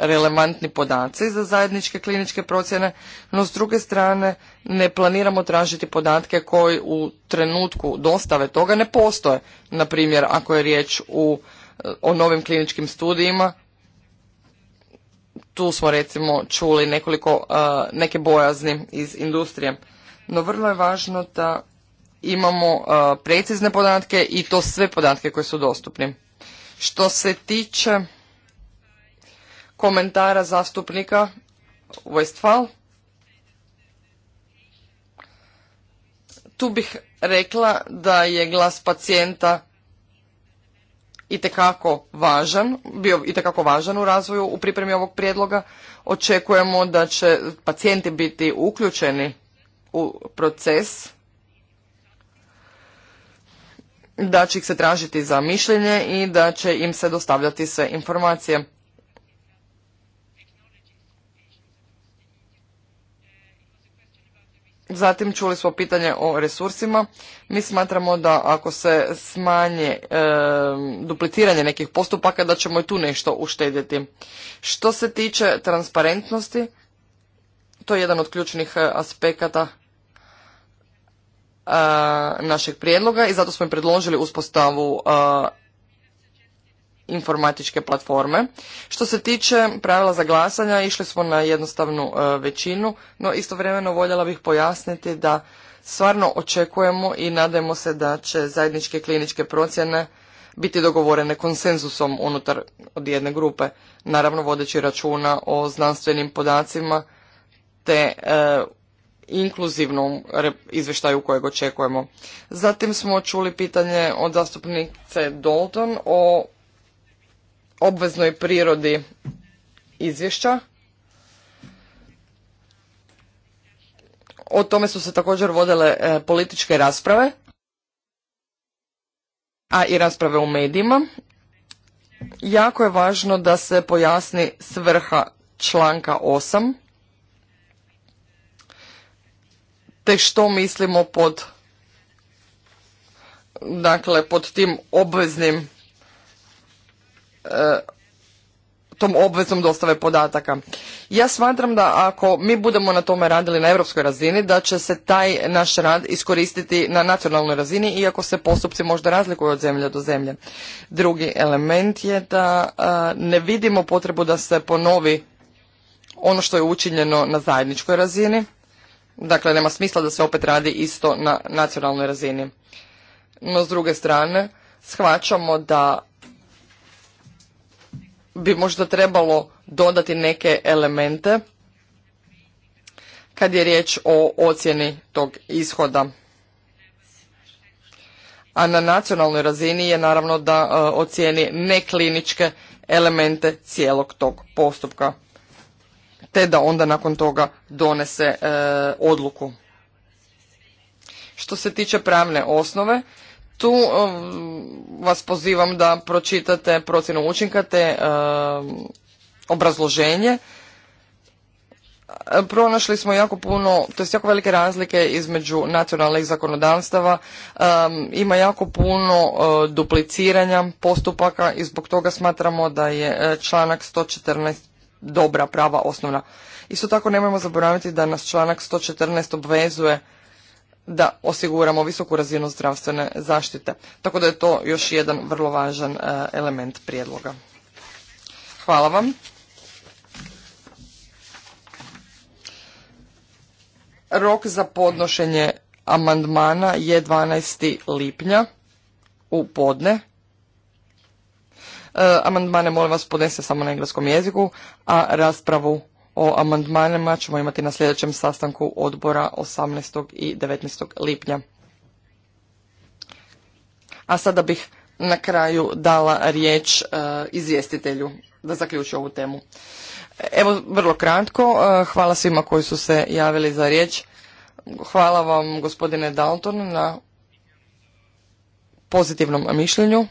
relevantni podaci za zajedničke kliničke procjene, no s druge strane ne planiramo tražiti podatke koji u trenutku dostave toga ne postoje. Na primjer, ako je riječ u o novim kliničkim studijima. Tu smo recimo čuli nekoliko, neke bojazni iz industrije. No vrlo je važno da imamo precizne podatke i to sve podatke koje su dostupni. Što se tiče komentara zastupnika Westfall, tu bih rekla da je glas pacijenta itekako važan, bio itekako važan u razvoju u pripremi ovog prijedloga. Očekujemo da će pacijenti biti uključeni u proces, da će ih se tražiti za mišljenje i da će im se dostavljati sve informacije. Zatim čuli smo pitanje o resursima. Mi smatramo da ako se smanje e, dupliciranje nekih postupaka da ćemo i tu nešto uštedjeti. Što se tiče transparentnosti, to je jedan od ključnih eh, aspekata eh, našeg prijedloga i zato smo im predložili uspostavu e, informatičke platforme. Što se tiče pravila za glasanja, išli smo na jednostavnu e, većinu, no istovremeno voljela bih pojasniti da stvarno očekujemo i nadajemo se da će zajedničke kliničke procjene biti dogovorene konsenzusom unutar od jedne grupe, naravno vodeći računa o znanstvenim podacima te e, inkluzivnom izvještaju kojeg očekujemo. Zatim smo čuli pitanje od zastupnice Dalton o obveznoj prirodi izvješća. O tome su se također vodile e, političke rasprave, a i rasprave u medijima. Jako je važno da se pojasni svrha članka 8, te što mislimo pod, dakle, pod tim obveznim E, tom obvezom dostave podataka. Ja smatram da ako mi budemo na tome radili na europskoj razini, da će se taj naš rad iskoristiti na nacionalnoj razini, iako se postupci možda razlikuju od zemlje do zemlje. Drugi element je da e, ne vidimo potrebu da se ponovi ono što je učinjeno na zajedničkoj razini. Dakle, nema smisla da se opet radi isto na nacionalnoj razini. No, s druge strane, shvaćamo da bi možda trebalo dodati neke elemente kad je riječ o ocjeni tog ishoda. A na nacionalnoj razini je naravno da e, ocijeni nekliničke elemente cijelog tog postupka, te da onda nakon toga donese e, odluku. Što se tiče pravne osnove, tu um, vas pozivam da pročitate procjenu učinka te um, obrazloženje. Pronašli smo jako puno, to jako velike razlike između nacionalnih zakonodavstava. Um, ima jako puno uh, dupliciranja postupaka i zbog toga smatramo da je uh, članak 114 dobra prava osnovna. Isto tako nemojmo zaboraviti da nas članak 114 obvezuje da osiguramo visoku razinu zdravstvene zaštite. Tako da je to još jedan vrlo važan e, element prijedloga. Hvala vam. Rok za podnošenje amandmana je 12. lipnja u podne. E, amandmane molim vas podnese samo na engleskom jeziku, a raspravu o amandmanima ćemo imati na sljedećem sastanku odbora 18. i 19. lipnja. A sada bih na kraju dala riječ e, izvjestitelju da zaključi ovu temu. Evo vrlo kratko, e, hvala svima koji su se javili za riječ. Hvala vam gospodine Dalton na pozitivnom mišljenju.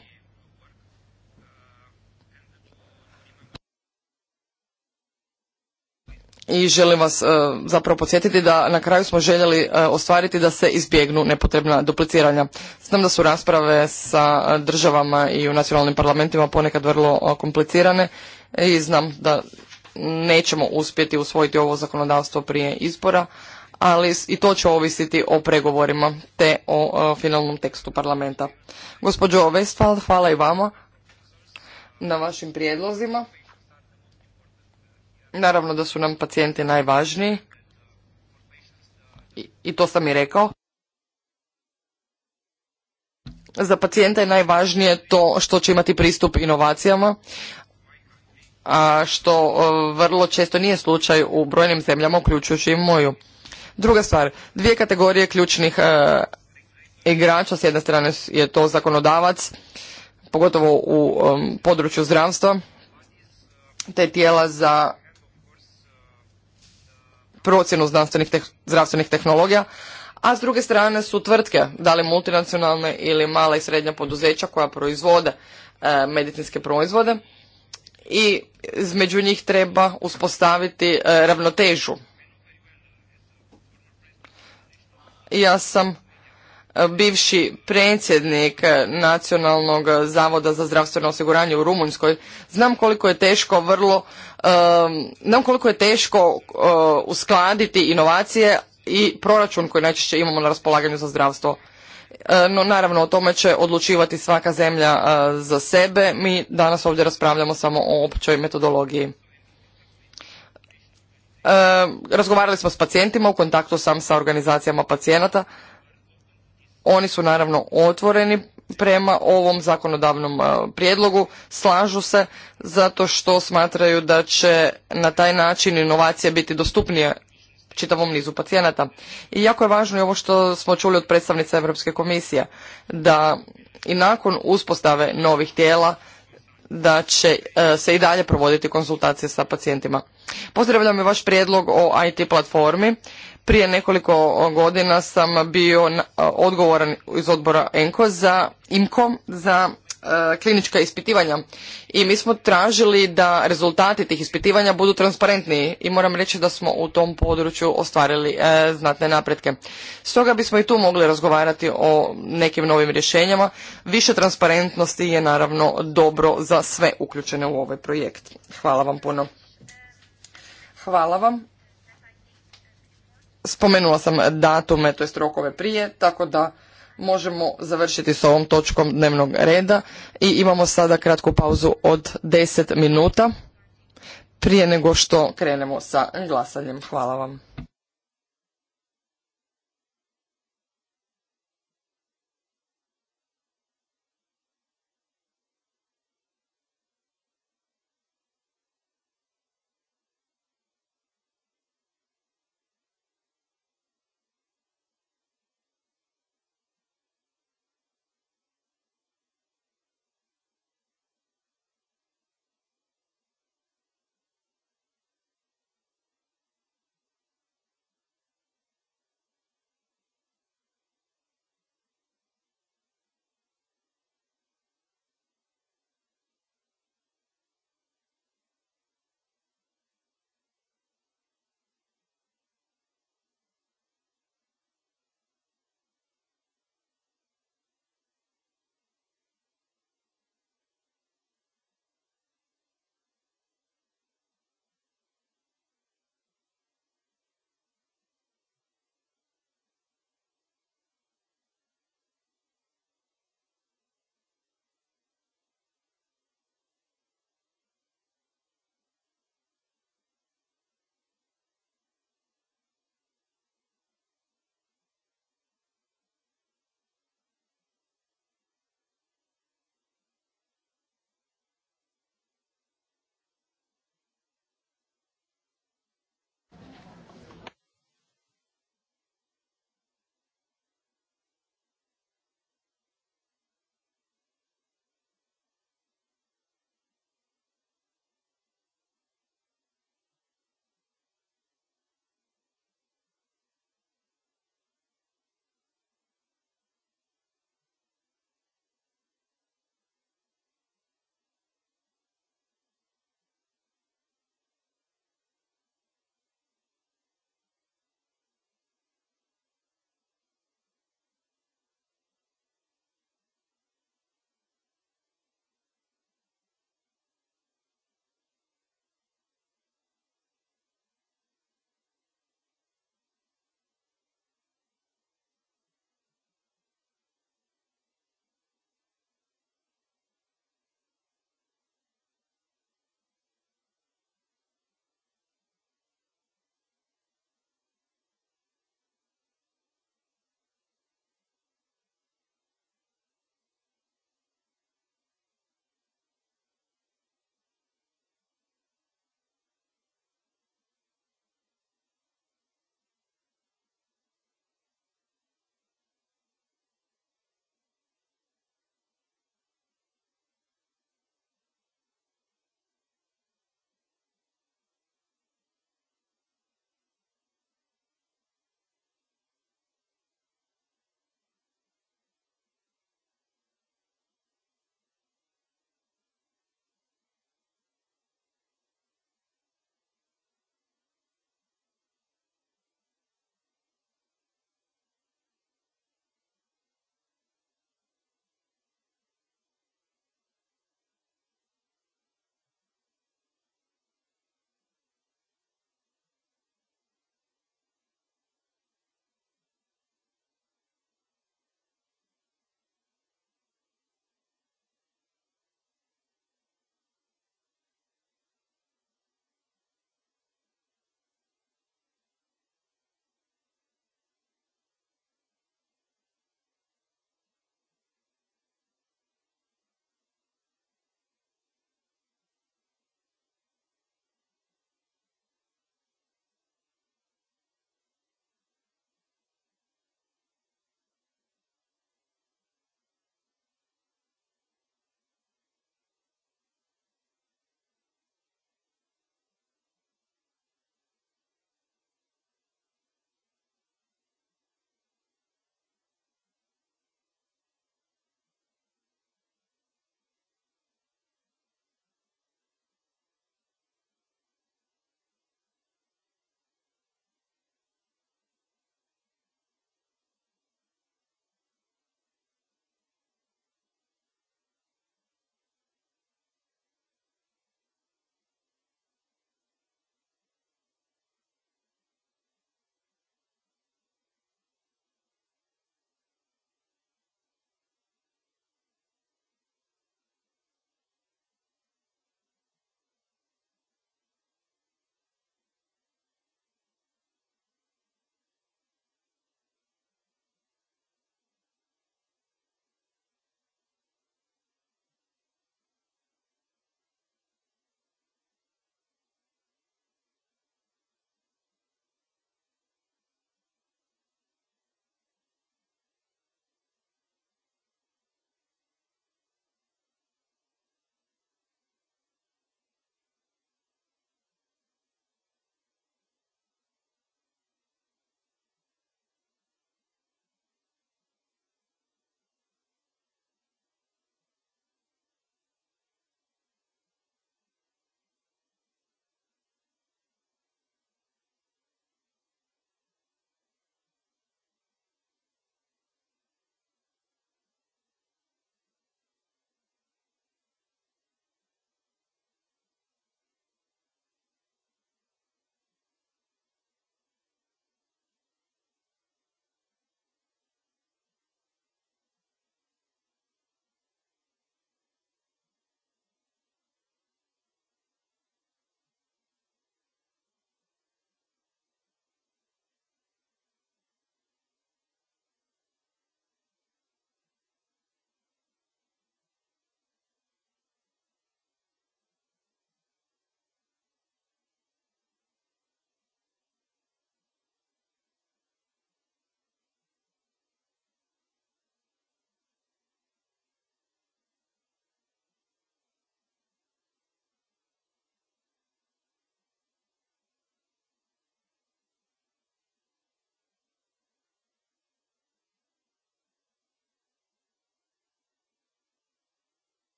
i želim vas e, zapravo podsjetiti da na kraju smo željeli e, ostvariti da se izbjegnu nepotrebna dupliciranja. Znam da su rasprave sa državama i u nacionalnim parlamentima ponekad vrlo e, komplicirane i znam da nećemo uspjeti usvojiti ovo zakonodavstvo prije izbora, ali i to će ovisiti o pregovorima te o finalnom tekstu parlamenta. Gospođo Westphal, hvala i vama na vašim prijedlozima. Naravno da su nam pacijenti najvažniji i, to sam i rekao. Za pacijenta je najvažnije to što će imati pristup inovacijama, što vrlo često nije slučaj u brojnim zemljama, uključujući i moju. Druga stvar, dvije kategorije ključnih e, igrača, s jedne strane je to zakonodavac, pogotovo u području zdravstva, te tijela za procjenu znanstvenih zdravstvenih tehnologija, a s druge strane su tvrtke, da li multinacionalne ili mala i srednja poduzeća koja proizvode e, medicinske proizvode i između njih treba uspostaviti e, ravnotežu. Ja sam bivši predsjednik Nacionalnog zavoda za zdravstveno osiguranje u Rumunjskoj, znam koliko je teško vrlo, znam koliko je teško e, uskladiti inovacije i proračun koji najčešće imamo na raspolaganju za zdravstvo. E, no naravno o tome će odlučivati svaka zemlja e, za sebe. Mi danas ovdje raspravljamo samo o općoj metodologiji. Razgovarali smo s pacijentima, u kontaktu sam sa organizacijama pacijenata oni su naravno otvoreni prema ovom zakonodavnom prijedlogu, slažu se zato što smatraju da će na taj način inovacije biti dostupnije čitavom nizu pacijenata. I jako je važno i ovo što smo čuli od predstavnice Europske komisije, da i nakon uspostave novih tijela da će e, se i dalje provoditi konsultacije sa pacijentima. Pozdravljam i vaš prijedlog o IT platformi. Prije nekoliko godina sam bio odgovoran iz odbora ENKO za IMKO za e, klinička ispitivanja i mi smo tražili da rezultati tih ispitivanja budu transparentniji i moram reći da smo u tom području ostvarili e, znatne napretke. Stoga bismo i tu mogli razgovarati o nekim novim rješenjama. Više transparentnosti je naravno dobro za sve uključene u ovaj projekt. Hvala vam puno. Hvala vam spomenula sam datume, to je rokove prije, tako da možemo završiti s ovom točkom dnevnog reda i imamo sada kratku pauzu od 10 minuta prije nego što krenemo sa glasanjem. Hvala vam.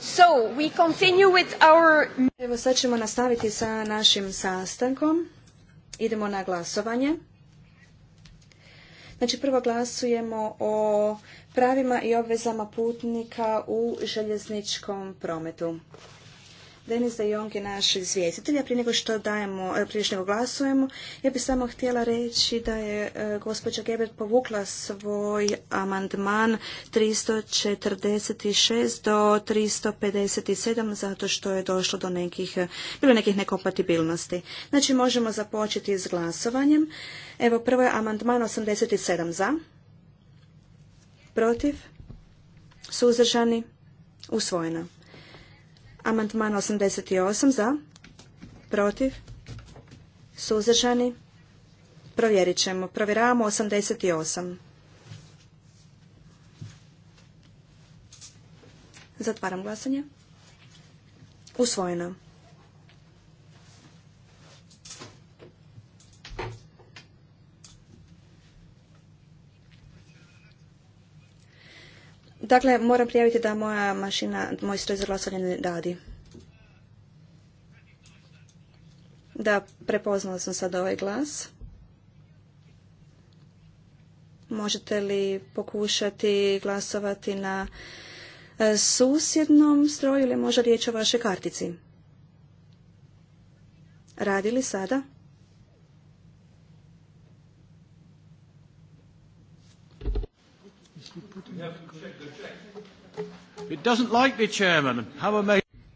So, we continue with our... Evo sad ćemo nastaviti sa našim sastankom. Idemo na glasovanje. Znači prvo glasujemo o pravima i obvezama putnika u željezničkom prometu. Denis de Jong je naš izvjestitelj, a prije nego što dajemo, e, prije nego glasujemo, ja bih samo htjela reći da je e, gospođa Gebert povukla svoj amandman 346 do 357 zato što je došlo do nekih, e, bilo nekih nekompatibilnosti. Znači možemo započeti s glasovanjem. Evo prvo je amandman 87 za, protiv, suzdržani, usvojeno. Amandman 88 za, protiv, suzdržani. Provjerit ćemo. Provjeravamo 88. Zatvaram glasanje. Usvojeno. Dakle, moram prijaviti da moja mašina, moj stroj za glasovanje ne radi. Da, prepoznala sam sad ovaj glas. Možete li pokušati glasovati na e, susjednom stroju ili možda riječ o vašoj kartici? Radi li sada?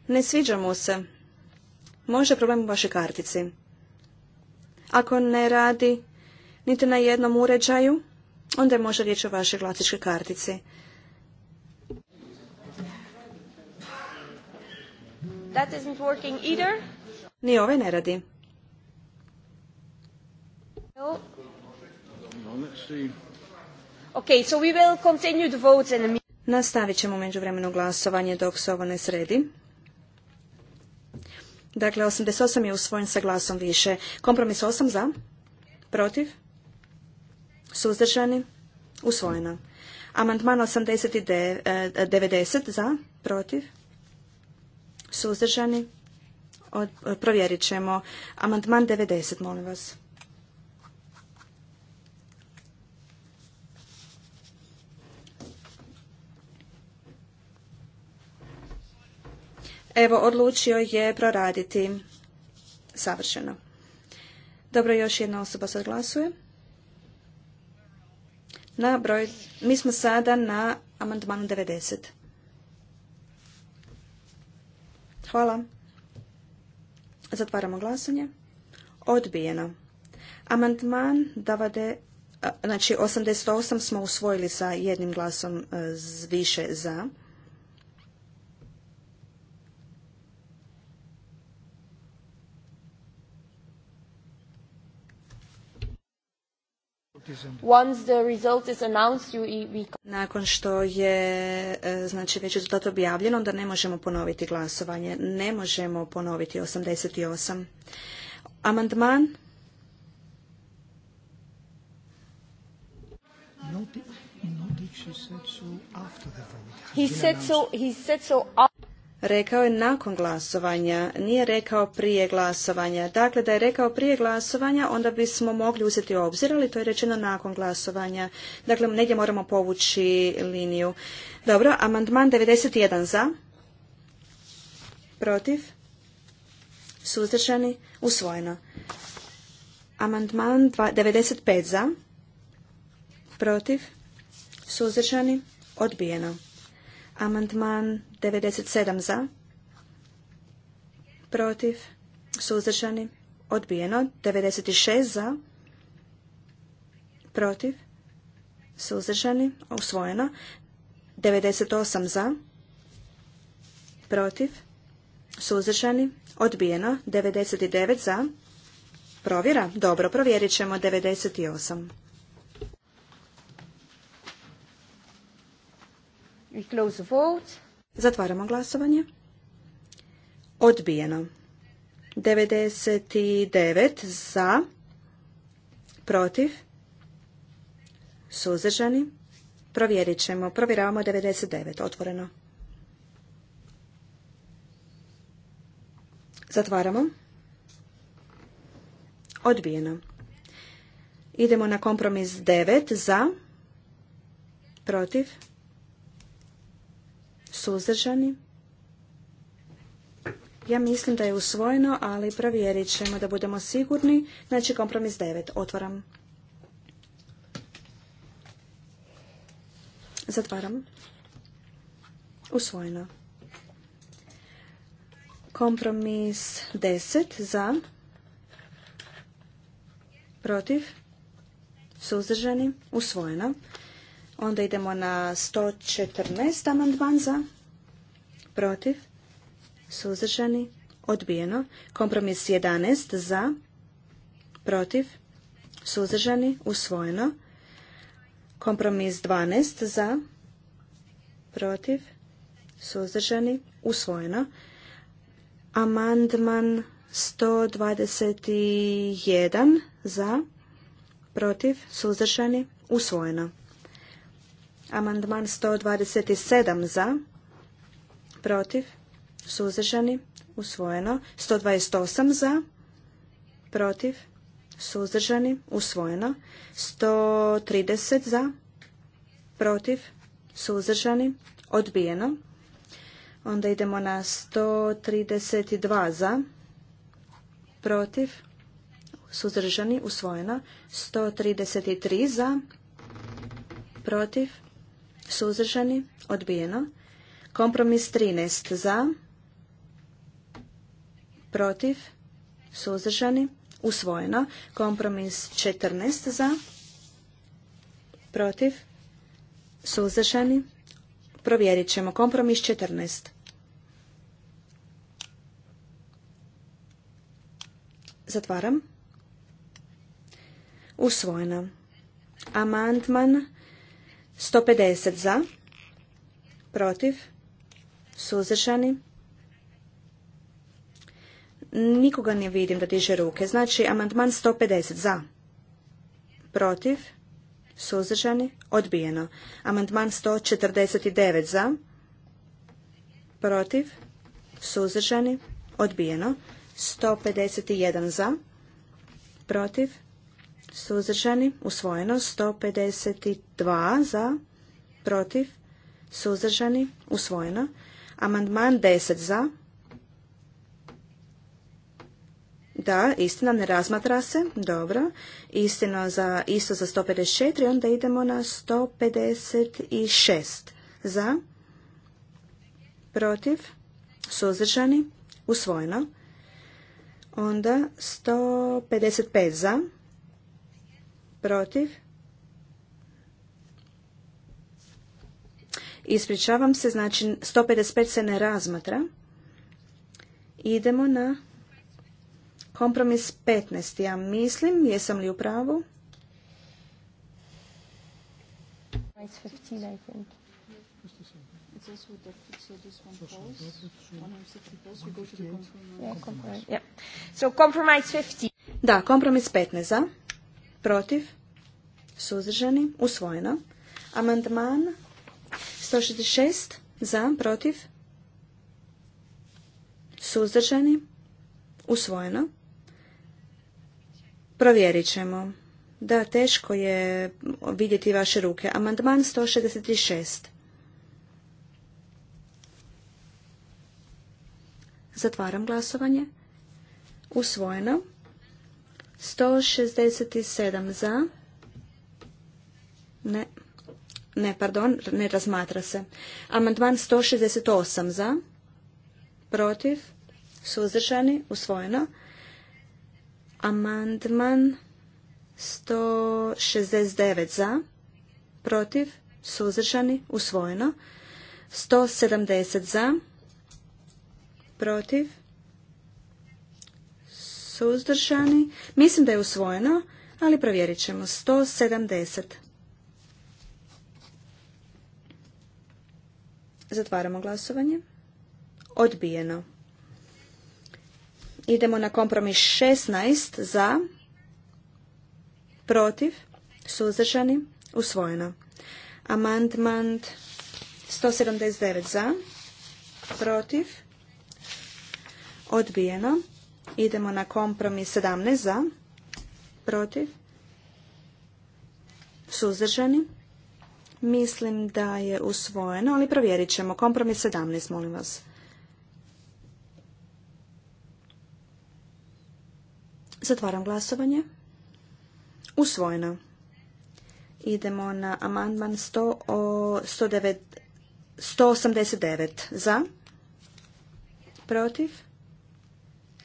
Ne sviđa mu se. Može problem u vašoj kartici. Ako ne radi niti na jednom uređaju, onda je možda riječ o vašoj glasičkoj kartici. working Ni ove ovaj ne radi. Okay, so we will continue the votes in the... Nastavit ćemo međuvremeno glasovanje dok se ovo ne sredi. Dakle, 88 je usvojen sa glasom više. Kompromis 8 za, protiv, suzdržani, usvojeno. Amandman 89, 90 za, protiv, suzdržani, Od, provjerit ćemo. Amandman 90, molim vas. evo odlučio je proraditi savršeno. Dobro, još jedna osoba sad glasuje. Na broj, mi smo sada na amandmanu 90. Hvala. Zatvaramo glasanje. Odbijeno. Amandman davade, znači 88 smo usvojili sa jednim glasom e, više za. Once the result is announced, you, we... Nakon što je e, znači već rezultat objavljen, onda ne možemo ponoviti glasovanje. Ne možemo ponoviti 88. Amandman?
No, no, he said
so, he said so rekao je nakon glasovanja, nije rekao prije glasovanja. Dakle, da je rekao prije glasovanja, onda bismo mogli uzeti u obzir, ali to je rečeno nakon glasovanja. Dakle, negdje moramo povući liniju. Dobro, amandman 91 za, protiv, suzdržani, usvojeno. Amandman 95 za, protiv, suzdržani, odbijeno. Amandman 97 za. Protiv. Suzdržani. Odbijeno. 96 za. Protiv. Suzdržani. Usvojeno. 98 za. Protiv. Suzdržani. Odbijeno. 99 za. Provjera. Dobro, provjerit ćemo 98. Zatvaramo glasovanje. Odbijeno. 99 za, protiv, suzdržani. Provjerit ćemo. Provjeravamo 99. Otvoreno. Zatvaramo. Odbijeno. Idemo na kompromis 9 za, protiv, suzdržani? Ja mislim da je usvojeno, ali provjerit ćemo da budemo sigurni. Znači kompromis 9. Otvaram. Zatvaram. Usvojeno. Kompromis 10 za, protiv, suzdržani, usvojeno. Onda idemo na 114 amandman za, protiv, suzdržani, odbijeno. Kompromis 11 za, protiv, suzdržani, usvojeno. Kompromis 12 za, protiv, suzdržani, usvojeno. Amandman 121 za, protiv, suzdržani, usvojeno. Amandman 127 za, protiv, suzdržani, usvojeno. 128 za, protiv, suzdržani, usvojeno. 130 za, protiv, suzdržani, odbijeno. Onda idemo na 132 za, protiv, suzdržani, usvojeno. 133 za, protiv, suzdržani, odbijeno. Kompromis 13 za, protiv, suzdržani, usvojeno. Kompromis 14 za, protiv, suzdržani, provjerit ćemo. Kompromis 14. Zatvaram. Usvojeno. Amandman 150 za, protiv, Suzdržani? Nikoga ne vidim da diže ruke. Znači, amandman 150 za. Protiv? Suzdržani? Odbijeno. Amandman 149 za. Protiv? Suzdržani? Odbijeno. 151 za. Protiv? Suzdržani? Usvojeno. 152 za. Protiv? Suzdržani? Usvojeno. Amandman 10 za. Da, istina ne razmatra se. Dobro. Istina za, isto za 154. Onda idemo na 156. Za. Protiv. Suzdržani. Usvojeno. Onda 155 za. Protiv. Ispričavam se, znači 155 se ne razmatra. Idemo na kompromis 15. Ja mislim, jesam li u pravu? Da, kompromis 15 za, protiv, suzdržani, usvojeno. Amandman 166 za, protiv, suzdržani, usvojeno. Provjerit ćemo. Da, teško je vidjeti vaše ruke. Amandman 166. Zatvaram glasovanje. Usvojeno. 167 za. Ne ne, pardon, ne razmatra se. Amandman 168 za, protiv, suzdržani, usvojeno. Amandman 169 za, protiv, suzdržani, usvojeno. 170 za, protiv, suzdržani. Mislim da je usvojeno, ali provjerit ćemo. 170 Zatvaramo glasovanje. Odbijeno. Idemo na kompromis 16 za, protiv, suzdržani, usvojeno. Amandman 179 za, protiv, odbijeno. Idemo na kompromis 17 za, protiv, suzdržani, Mislim da je usvojeno, ali provjerit ćemo. Kompromis 17, molim vas. Zatvaram glasovanje. Usvojeno. Idemo na amandman 189. Za? Protiv?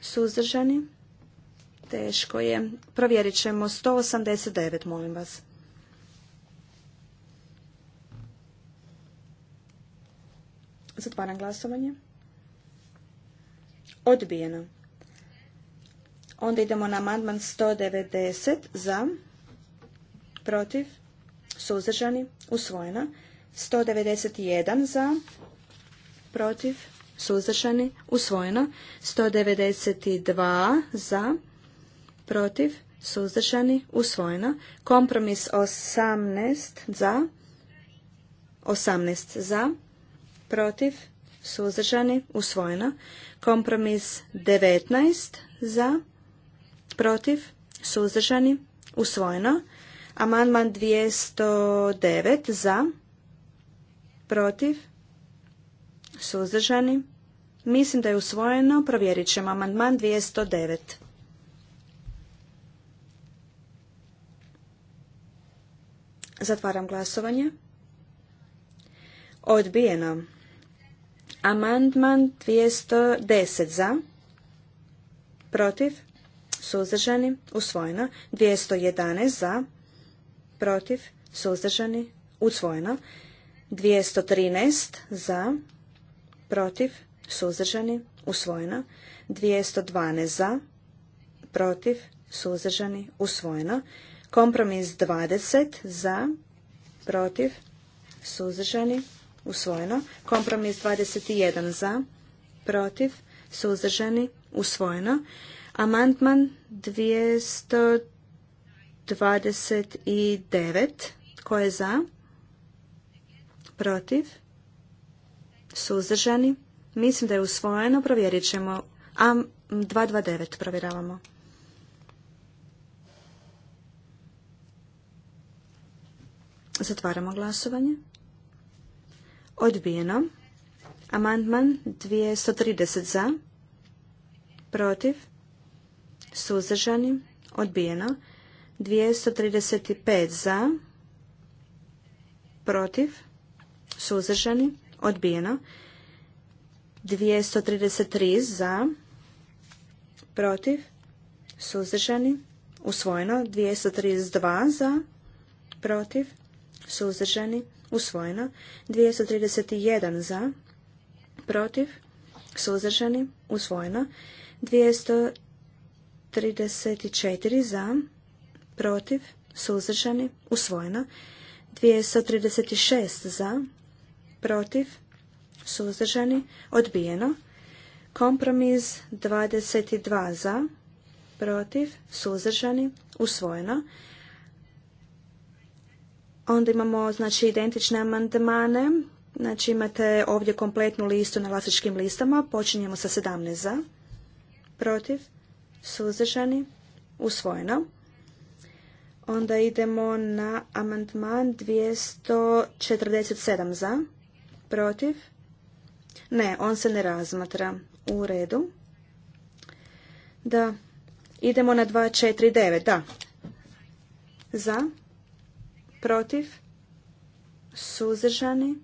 Suzdržani? Teško je. Provjerit ćemo 189, molim vas. Zatvaram glasovanje. Odbijeno. Onda idemo na amandman 190 za, protiv, suzdržani, usvojena. 191 za, protiv, suzdržani, usvojeno. 192 za, protiv, suzdržani, usvojeno. Kompromis 18 za, 18 za, protiv, suzdržani, usvojeno. Kompromis 19 za, protiv, suzdržani, usvojeno. Amandman 209 za, protiv, suzdržani. Mislim da je usvojeno. Provjerit ćemo amandman 209. Zatvaram glasovanje. Odbijeno. Amandman 210 za, protiv, suzdržani, usvojeno. 211 za, protiv, suzdržani, usvojeno. 213 za, protiv, suzdržani, usvojeno. 212 za, protiv, suzdržani, usvojeno. Kompromis 20 za, protiv, suzdržani, usvojeno. Kompromis 21 za, protiv, suzdržani, usvojeno. Amandman 229. Ko je za? Protiv? Suzdržani? Mislim da je usvojeno. Provjerit ćemo. A, 229 provjeravamo. Zatvaramo glasovanje. Odbijeno. Amandman 230 za. Protiv. Suzdržani. Odbijeno. 235 za. Protiv. Suzdržani. Odbijeno. 233 za. Protiv. Suzdržani. Usvojeno. 232 za. Protiv. Suzdržani usvojeno. 231 za, protiv, suzdržani, usvojeno. 234 za, protiv, suzdržani, usvojeno. 236 za, protiv, suzdržani, odbijeno. Kompromis 22 za, protiv, suzdržani, usvojeno. Onda imamo znači identične amandmane. Znači imate ovdje kompletnu listu na glasačkim listama. Počinjemo sa 17 za, protiv, suzdržani, usvojeno. Onda idemo na amandman 247 za, protiv, ne, on se ne razmatra u redu. Da, idemo na 249, da, za, protiv, suzdržani,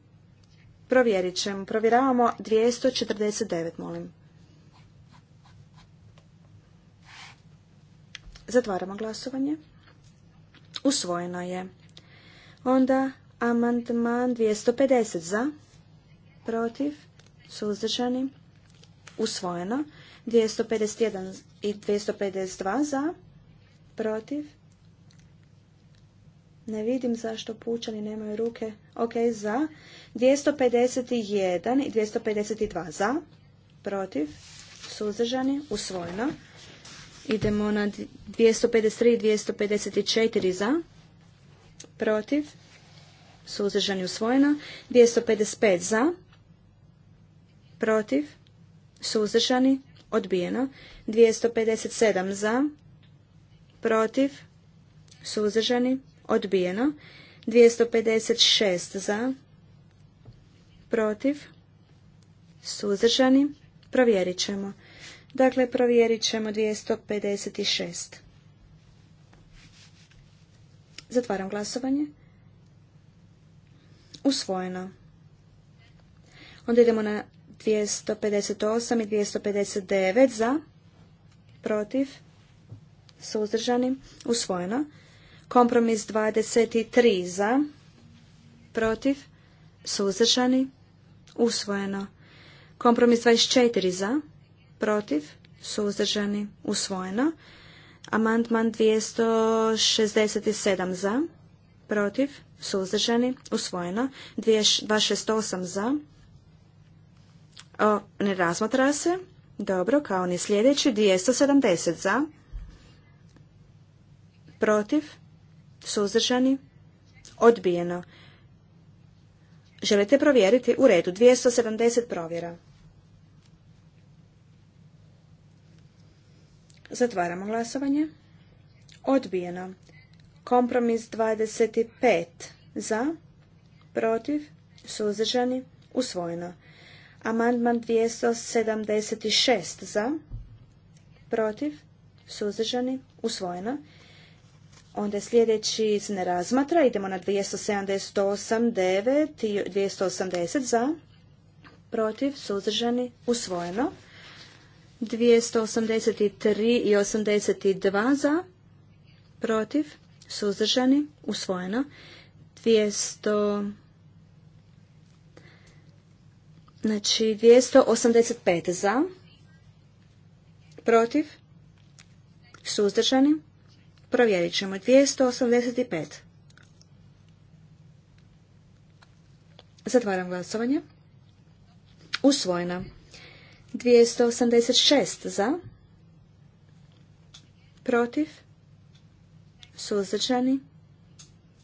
provjerit ćemo. Provjeravamo 249, molim. Zatvaramo glasovanje. Usvojeno je. Onda amandman 250 za, protiv, suzdržani, usvojeno. 251 i 252 za, protiv, ne vidim zašto pučani nemaju ruke. Ok, za. 251 i 252 za. Protiv. Suzdržani. Usvojeno. Idemo na 253 i 254 za. Protiv. Suzdržani. Usvojeno. 255 za. Protiv. Suzdržani. Odbijeno. 257 za. Protiv. Suzdržani odbijeno. 256 za, protiv, suzdržani, provjerit ćemo. Dakle, provjerit ćemo 256. Zatvaram glasovanje. Usvojeno. Onda idemo na 258 i 259 za, protiv, suzdržani, usvojeno. Kompromis 23 za, protiv, suzdržani, usvojeno. Kompromis 24 za, protiv, suzdržani, usvojeno. Amandman 267 za, protiv, suzdržani, usvojeno. 268 za, ne razmatra se. Dobro, kao ni sljedeći, 270 za, protiv, Suzdržani? Odbijeno. Želite provjeriti? U redu. 270 provjera. Zatvaramo glasovanje. Odbijeno. Kompromis 25. Za. Protiv. Suzdržani. Usvojeno. Amandman 276. Za. Protiv. Suzdržani. Usvojeno. Onda sljedeći se ne razmatra. Idemo na 278, 9 i 280 za. Protiv, suzdržani, usvojeno. 283 i 82 za. Protiv, suzdržani, usvojeno. 200... Znači, 285 za. Protiv, suzdržani, Provjerit ćemo. 285. Zatvaram glasovanje. Usvojena. 286 za. Protiv. Suzdržani.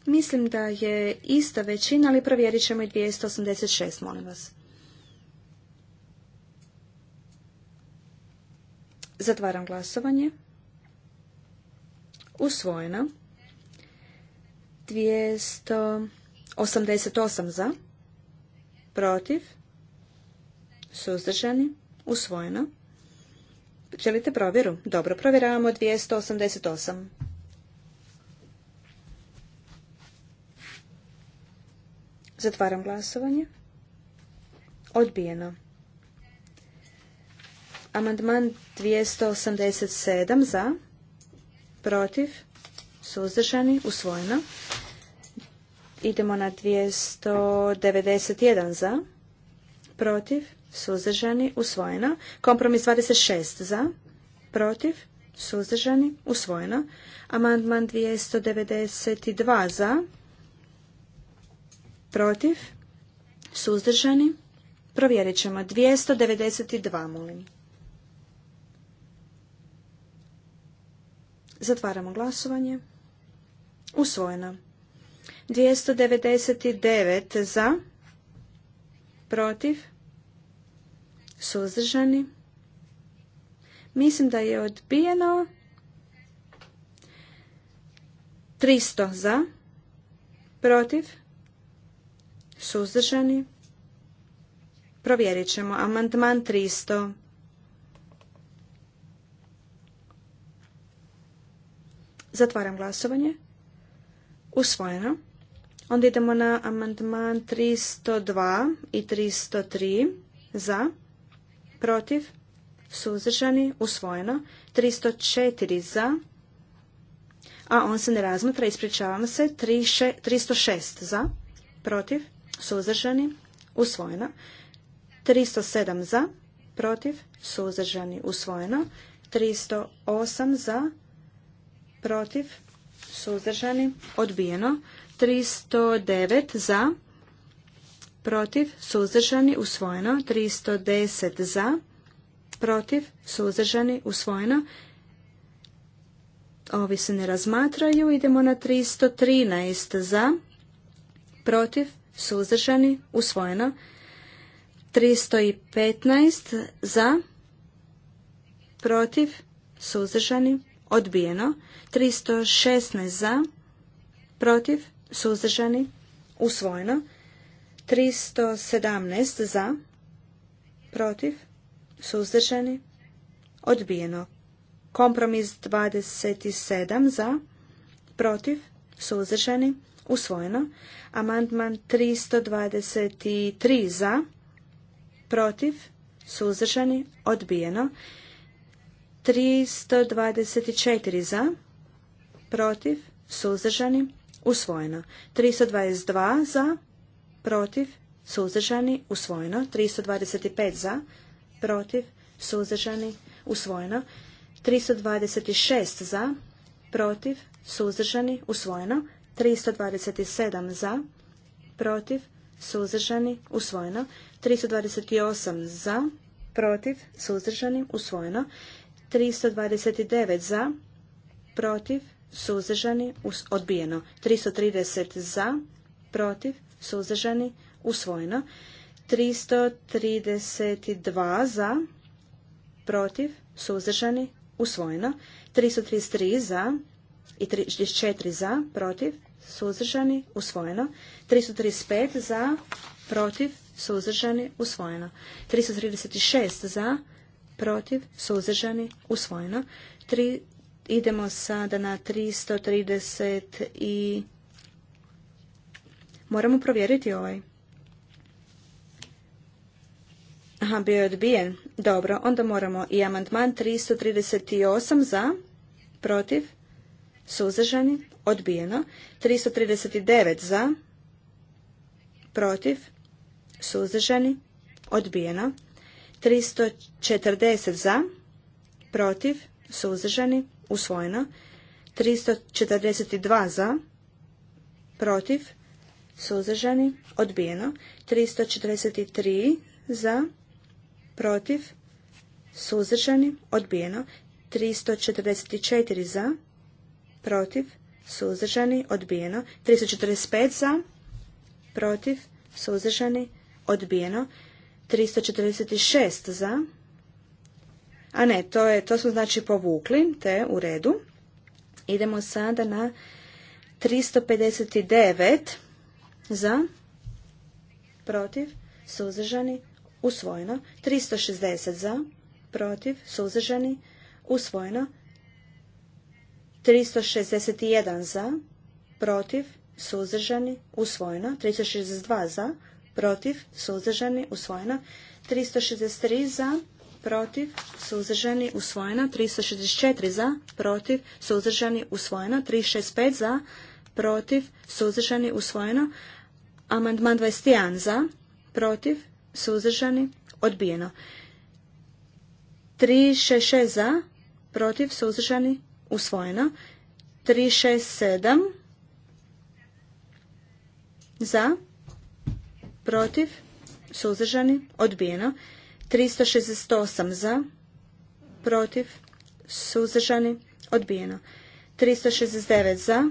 Mislim da je ista većina, ali provjerit ćemo i 286, molim vas. Zatvaram glasovanje usvojena. 288 za, protiv, suzdržani, usvojeno. Želite provjeru? Dobro, provjeravamo 288. Zatvaram glasovanje. Odbijeno. Amandman 287 za, protiv, suzdržani, usvojeno. Idemo na 291 za, protiv, suzdržani, usvojeno. Kompromis 26 za, protiv, suzdržani, usvojeno. Amandman 292 za, protiv, suzdržani, provjerit ćemo. 292, molim. Zatvaramo glasovanje. Usvojeno. 299 za, protiv, suzdržani. Mislim da je odbijeno. 300 za, protiv, suzdržani. Provjerit ćemo. Amandman 300. Zatvaram glasovanje. Usvojeno. Onda idemo na amandman 302 i 303 za, protiv, suzdržani, usvojeno. 304 za, a on se ne razmatra, ispričavam se, 306 za, protiv, suzdržani, usvojeno. 307 za, protiv, suzdržani, usvojeno. 308 za, protiv, suzdržani, odbijeno. 309 za, protiv, suzdržani, usvojeno. 310 za, protiv, suzdržani, usvojeno. Ovi se ne razmatraju. Idemo na 313 za, protiv, suzdržani, usvojeno. 315 za, protiv, suzdržani, odbijeno. 316 za, protiv, suzdržani, usvojeno. 317 za, protiv, suzdržani, odbijeno. Kompromis 27 za, protiv, suzdržani, usvojeno. Amandman 323 za, protiv, suzdržani, odbijeno. 324 za, protiv, suzdržani, usvojeno. 322 za, protiv, suzdržani, usvojeno. 325 za, protiv, suzdržani, usvojeno. 326 za, protiv, suzdržani, usvojeno. 327 za, protiv, suzdržani, usvojeno. 328 za, protiv, suzdržani, usvojeno. 329 za, protiv, suzdržani, odbijeno. 330 za, protiv, suzdržani, usvojeno. 332 za, protiv, suzdržani, usvojeno. 333 za i 34 za, protiv, suzdržani, usvojeno. 335 za, protiv, suzdržani, usvojeno. 336 za, protiv, suzdržani, usvojeno. Tri, idemo sada na 330 i... Moramo provjeriti ovaj. Aha, bio je odbijen. Dobro, onda moramo i amandman 338 za, protiv, suzdržani, odbijeno. 339 za, protiv, suzdržani, odbijeno. 340 za, protiv, suzdržani, usvojeno. 342 za, protiv, suzdržani, odbijeno. 343 za, protiv, suzdržani, odbijeno. 344 za, protiv, suzdržani, odbijeno. 345 za, protiv, suzdržani, odbijeno. 346 za. A ne, to, je, to smo znači povukli, te u redu. Idemo sada na 359 za, protiv, suzdržani, usvojeno. 360 za, protiv, suzdržani, usvojeno. 361 za, protiv, suzdržani, usvojeno. 362 za, protiv, suzdržani, usvojeno. 363 za, protiv, suzdržani, usvojeno. 364 za, protiv, suzdržani, usvojeno. 365 za, protiv, suzdržani, usvojeno. Amandman 21 za, protiv, suzdržani, odbijeno. 366 za, protiv, suzdržani, usvojeno. 367 za, protiv, suzdržani, odbijeno. 368 za, protiv, suzdržani, odbijeno. 369 za,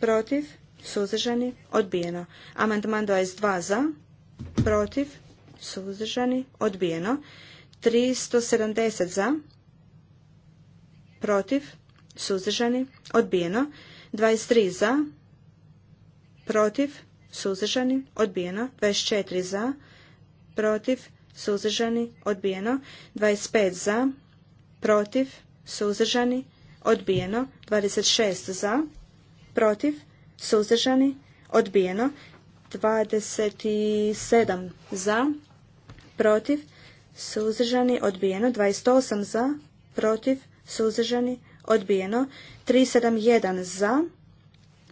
protiv, suzdržani, odbijeno. Amandman 22 za, protiv, suzdržani, odbijeno. 370 za, protiv, suzdržani, odbijeno. 23 za, protiv, suzdržani, odbijeno. 24 za, protiv, suzdržani, odbijeno. 25 za, protiv, suzdržani, odbijeno. 26 za, protiv, suzdržani, odbijeno. 27 za, protiv, suzdržani, odbijeno. 28 za, protiv, suzdržani, odbijeno. 371 za,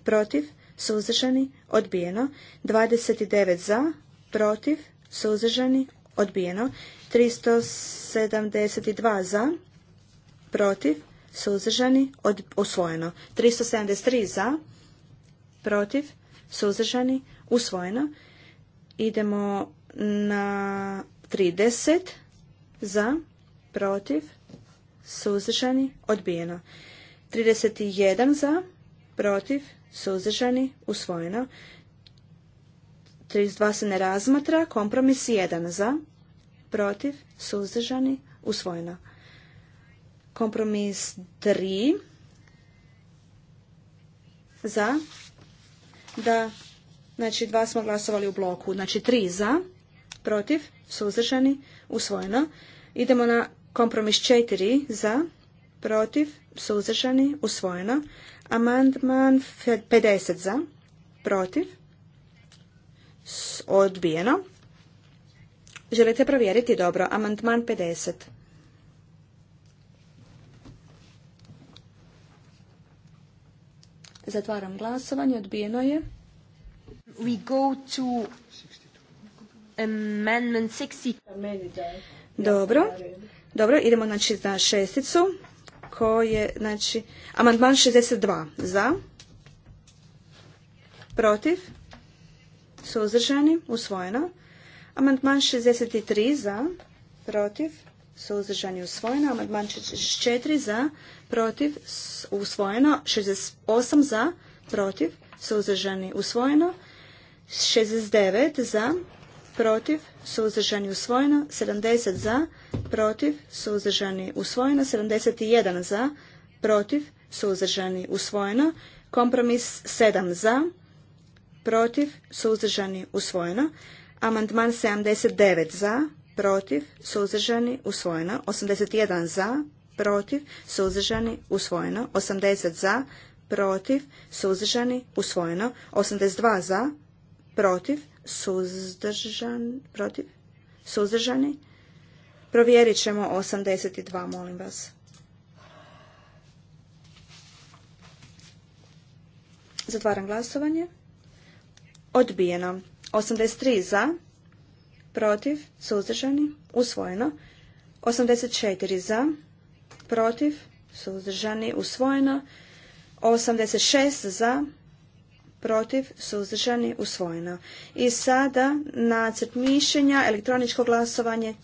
protiv, suzdržani, odbijeno. 29 za, protiv, suzdržani, odbijeno. 372 za, protiv, suzdržani, usvojeno. 373 za, protiv, suzdržani, usvojeno. Idemo na 30 za, protiv, suzdržani, odbijeno. 31 za, protiv, suzdržani, usvojeno. 32 se ne razmatra, kompromis 1 za, protiv, suzdržani, usvojeno. Kompromis 3 za, da, znači dva smo glasovali u bloku, znači 3 za, protiv, suzdržani, usvojeno. Idemo na kompromis 4 za, protiv, suzdržani, usvojeno. Amandman 50 za, protiv, odbijeno. Želite provjeriti? Dobro. Amandman 50. Zatvaram glasovanje. Odbijeno je. We go to amendment 60. Dobro. Dobro, idemo znači na šesticu koje, znači, amandman 62 za, protiv, suzdržani, usvojeno. Amandman 63 za, protiv, suzdržani, usvojeno. Amandman 64 za, protiv, usvojeno. 68 za, protiv, suzdržani, usvojeno. 69 za, protiv, suzdržani, usvojeno, 70 za, protiv, suzdržani, usvojeno, 71 za, protiv, suzdržani, usvojeno, kompromis 7 za, protiv, suzdržani, usvojeno, amandman 79 za, protiv, suzdržani, usvojeno, 81 za, protiv, suzdržani, usvojeno, 80 za, protiv, suzdržani, usvojeno, 82 za, protiv, suzdržan, protiv, suzdržani. Provjerit ćemo 82, molim vas. Zatvaram glasovanje. Odbijeno. 83 za, protiv, suzdržani, usvojeno. 84 za, protiv, suzdržani, usvojeno. 86 za, protiv, suzdržani, usvojeno. I sada nacrt mišljenja, elektroničko glasovanje.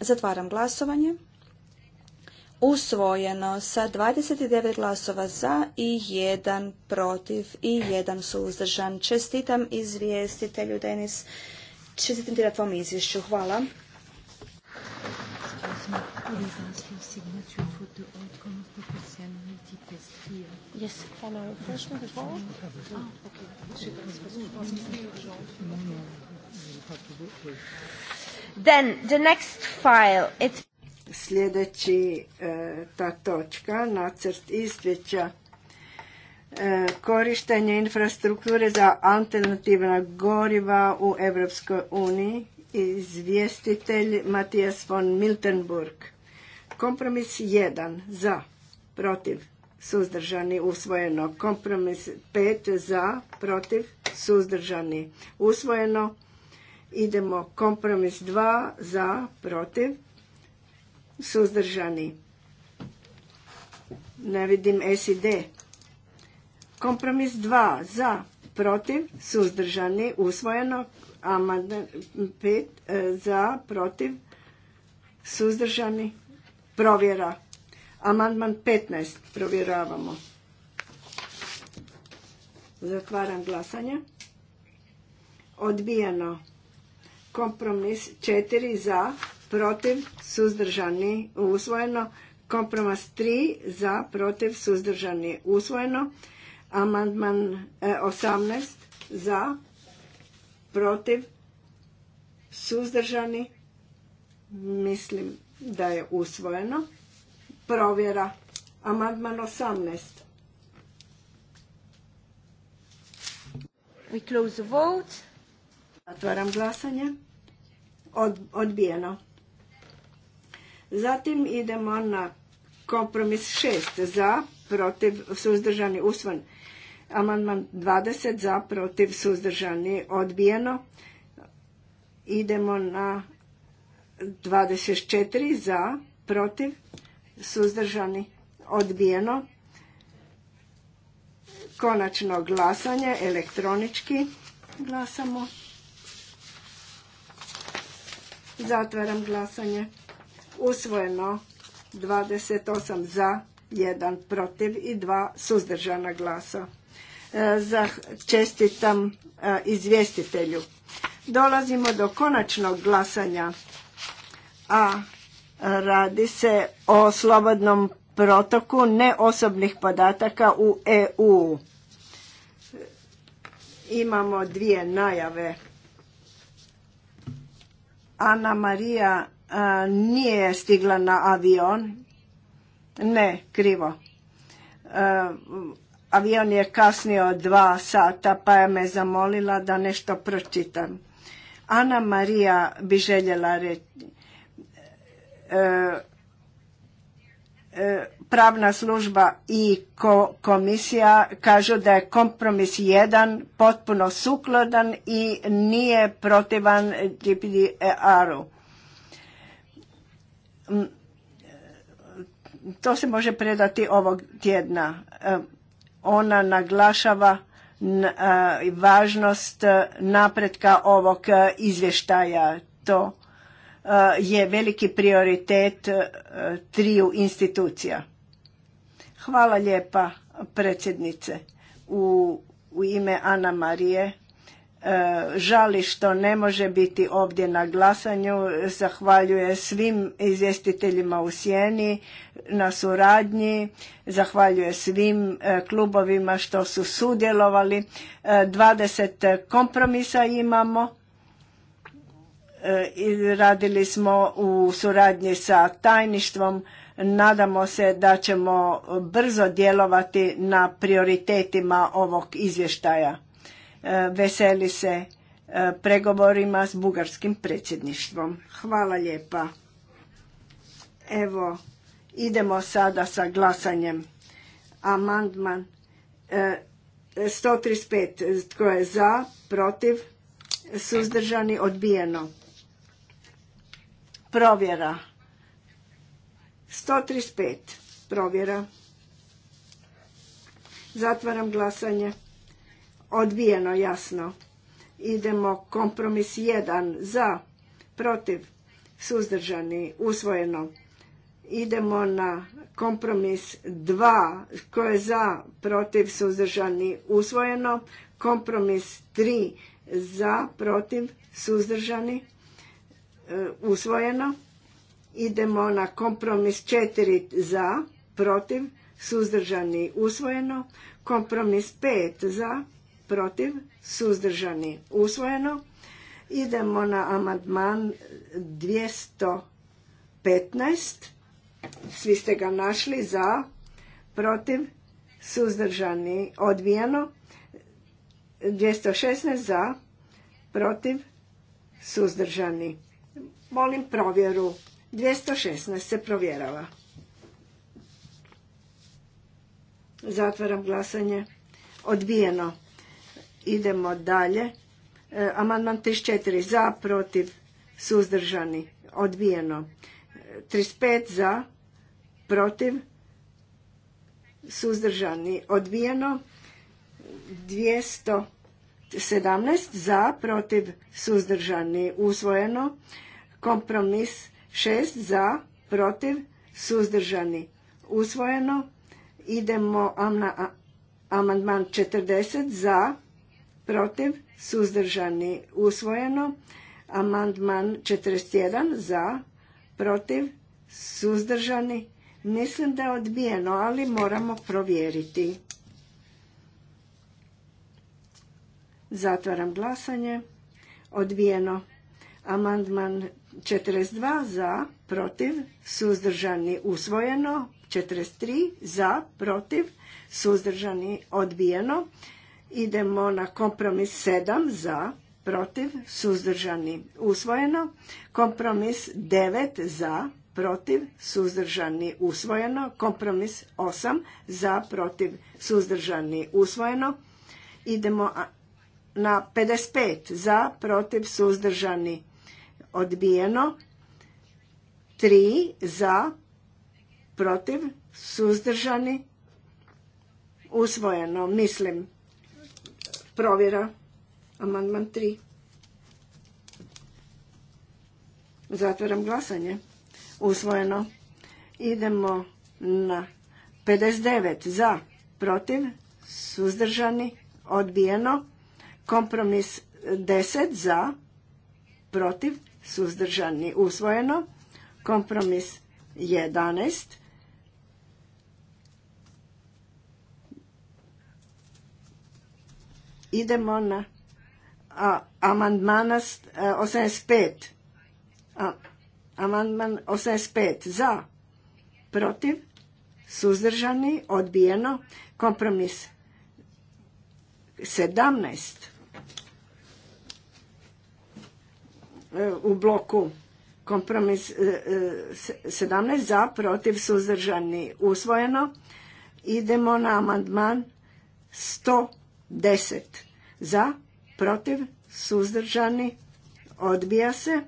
Zatvaram glasovanje. Usvojeno sa 29 glasova za i jedan protiv i jedan suzdržan. Čestitam izvjestitelju Denis. Čestitam ti na tvom izvješću. Hvala. Yes, ah, okay.
Then the
next file. It's
Sljedeći e, ta točka, nacrt izvješća e, korištenje infrastrukture za alternativna goriva u Europskoj uniji, izvjestitelj Matijas von Miltenburg. Kompromis 1 za, protiv, suzdržani usvojeno. Kompromis 5 za, protiv, suzdržani usvojeno. Idemo kompromis 2 za, protiv, suzdržani. Ne vidim S i D. Kompromis 2 za, protiv, suzdržani usvojeno. Amandman 5 e, za, protiv, suzdržani provjera Amandman 15 provjeravamo. Zatvaram glasanje. Odbijeno. Kompromis 4 za, protiv, suzdržani, usvojeno. Kompromis 3 za, protiv, suzdržani, usvojeno. Amandman 18 e, za, protiv, suzdržani, mislim da je usvojeno provjera. Amandman 18. We close the vote. Otvaram glasanje. odbijeno. Zatim idemo na kompromis 6 za, protiv, suzdržani, usvan. Amandman 20 za, protiv, suzdržani, odbijeno. Idemo na 24 za, protiv, suzdržani, odbijeno. Konačno glasanje, elektronički glasamo. Zatvaram glasanje. Usvojeno 28 za, 1 protiv i 2 suzdržana glasa. E, za čestitam e, izvjestitelju. Dolazimo do konačnog glasanja. A Radi se o slobodnom protoku neosobnih podataka u EU. Imamo dvije najave. Ana Marija nije stigla na avion. Ne, krivo. avion je kasnio dva sata pa je me zamolila da nešto pročitam. Ana Marija bi željela reći E, e, pravna služba i komisija kažu da je kompromis jedan potpuno sukladan i nije protivan GDPR-u. E mm, to se može predati ovog tjedna. Ona naglašava važnost napretka ovog izvještaja. To Eh, je veliki prioritet eh, triju institucija. Hvala lijepa predsjednice u, ime Ana Marije. Eh, žali što ne može biti ovdje na glasanju. Zahvaljuje svim izvjestiteljima u sjeni na suradnji. Zahvaljuje svim klubovima što su sudjelovali. 20 kompromisa imamo E, radili smo u suradnji sa tajništvom. Nadamo se da ćemo brzo djelovati na prioritetima ovog izvještaja. E, veseli se e, pregovorima s bugarskim predsjedništvom. Hvala lijepa. Evo, idemo sada sa glasanjem. Amandman 135. Tko je za, protiv, suzdržani, odbijeno. Provjera. 135. Provjera. Zatvaram glasanje. Odbijeno, jasno. Idemo kompromis 1 za, protiv, suzdržani, usvojeno. Idemo na kompromis 2 koje je za, protiv, suzdržani, usvojeno. Kompromis 3 za, protiv, suzdržani, E, usvojeno. Idemo na kompromis 4 za, protiv, suzdržani, usvojeno. Kompromis 5 za, protiv, suzdržani, usvojeno. Idemo na amandman 215. Svi ste ga našli za, protiv, suzdržani, odbijeno. 216 za, protiv, suzdržani, Molim provjeru. 216 se provjerava. Zatvaram glasanje. Odbijeno. Idemo dalje. E, amandman 34 za, protiv, suzdržani. Odbijeno. 35 za, protiv, suzdržani. Odbijeno. 217 za, protiv, suzdržani. Usvojeno. Kompromis 6 za, protiv, suzdržani, usvojeno. Idemo na amandman 40 za, protiv, suzdržani, usvojeno. Amandman 41 za, protiv, suzdržani. Mislim da je odbijeno, ali moramo provjeriti. Zatvaram glasanje. Odbijeno. Amandman 42 za, protiv, suzdržani, usvojeno. 43 za, protiv, suzdržani, odbijeno. Idemo na kompromis 7 za, protiv, suzdržani, usvojeno. Kompromis 9 za, protiv, suzdržani, usvojeno. Kompromis 8 za, protiv, suzdržani, usvojeno. Idemo na 55 za, protiv, suzdržani, usvojeno odbijeno. tri, za, protiv, suzdržani, usvojeno, mislim. Provjera, amandman tri. Zatvaram glasanje. Usvojeno. Idemo na 59 za, protiv, suzdržani, odbijeno. Kompromis 10 za, protiv, suzdržani usvojeno. Kompromis 11. Idemo na a, amandmana 85. E, amandman 85 za, protiv, suzdržani, odbijeno. Kompromis 17 u bloku kompromis 17 e, e, za, protiv suzdržani usvojeno. Idemo na amandman 110 za, protiv suzdržani odbija se.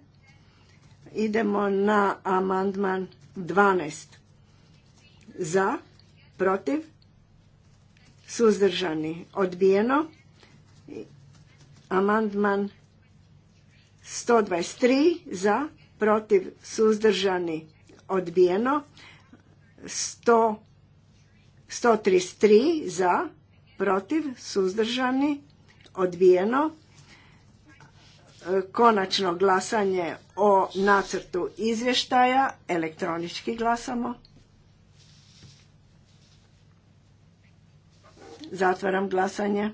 Idemo na amandman 12 za, protiv suzdržani odbijeno. Amandman 123 za, protiv, suzdržani, odbijeno. 133 za, protiv, suzdržani, odbijeno. Konačno glasanje o nacrtu izvještaja, elektronički glasamo. Zatvaram glasanje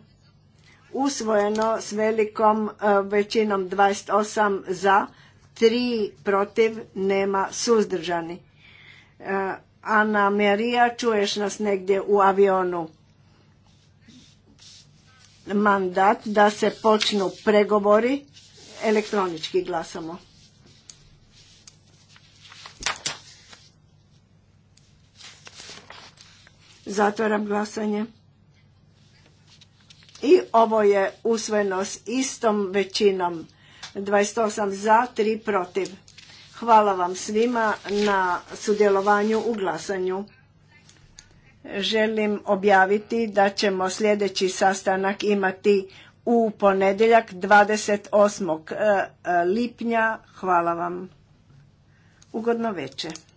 usvojeno s velikom e, većinom 28 za, 3 protiv, nema suzdržani. E, Ana Marija, čuješ nas negdje u avionu. Mandat da se počnu pregovori, elektronički glasamo. Zatvaram glasanje. I ovo je usvojeno s istom većinom. 28 za, 3 protiv. Hvala vam svima na sudjelovanju u glasanju. Želim objaviti da ćemo sljedeći sastanak imati u ponedjeljak 28. E, e, lipnja. Hvala vam. Ugodno večer.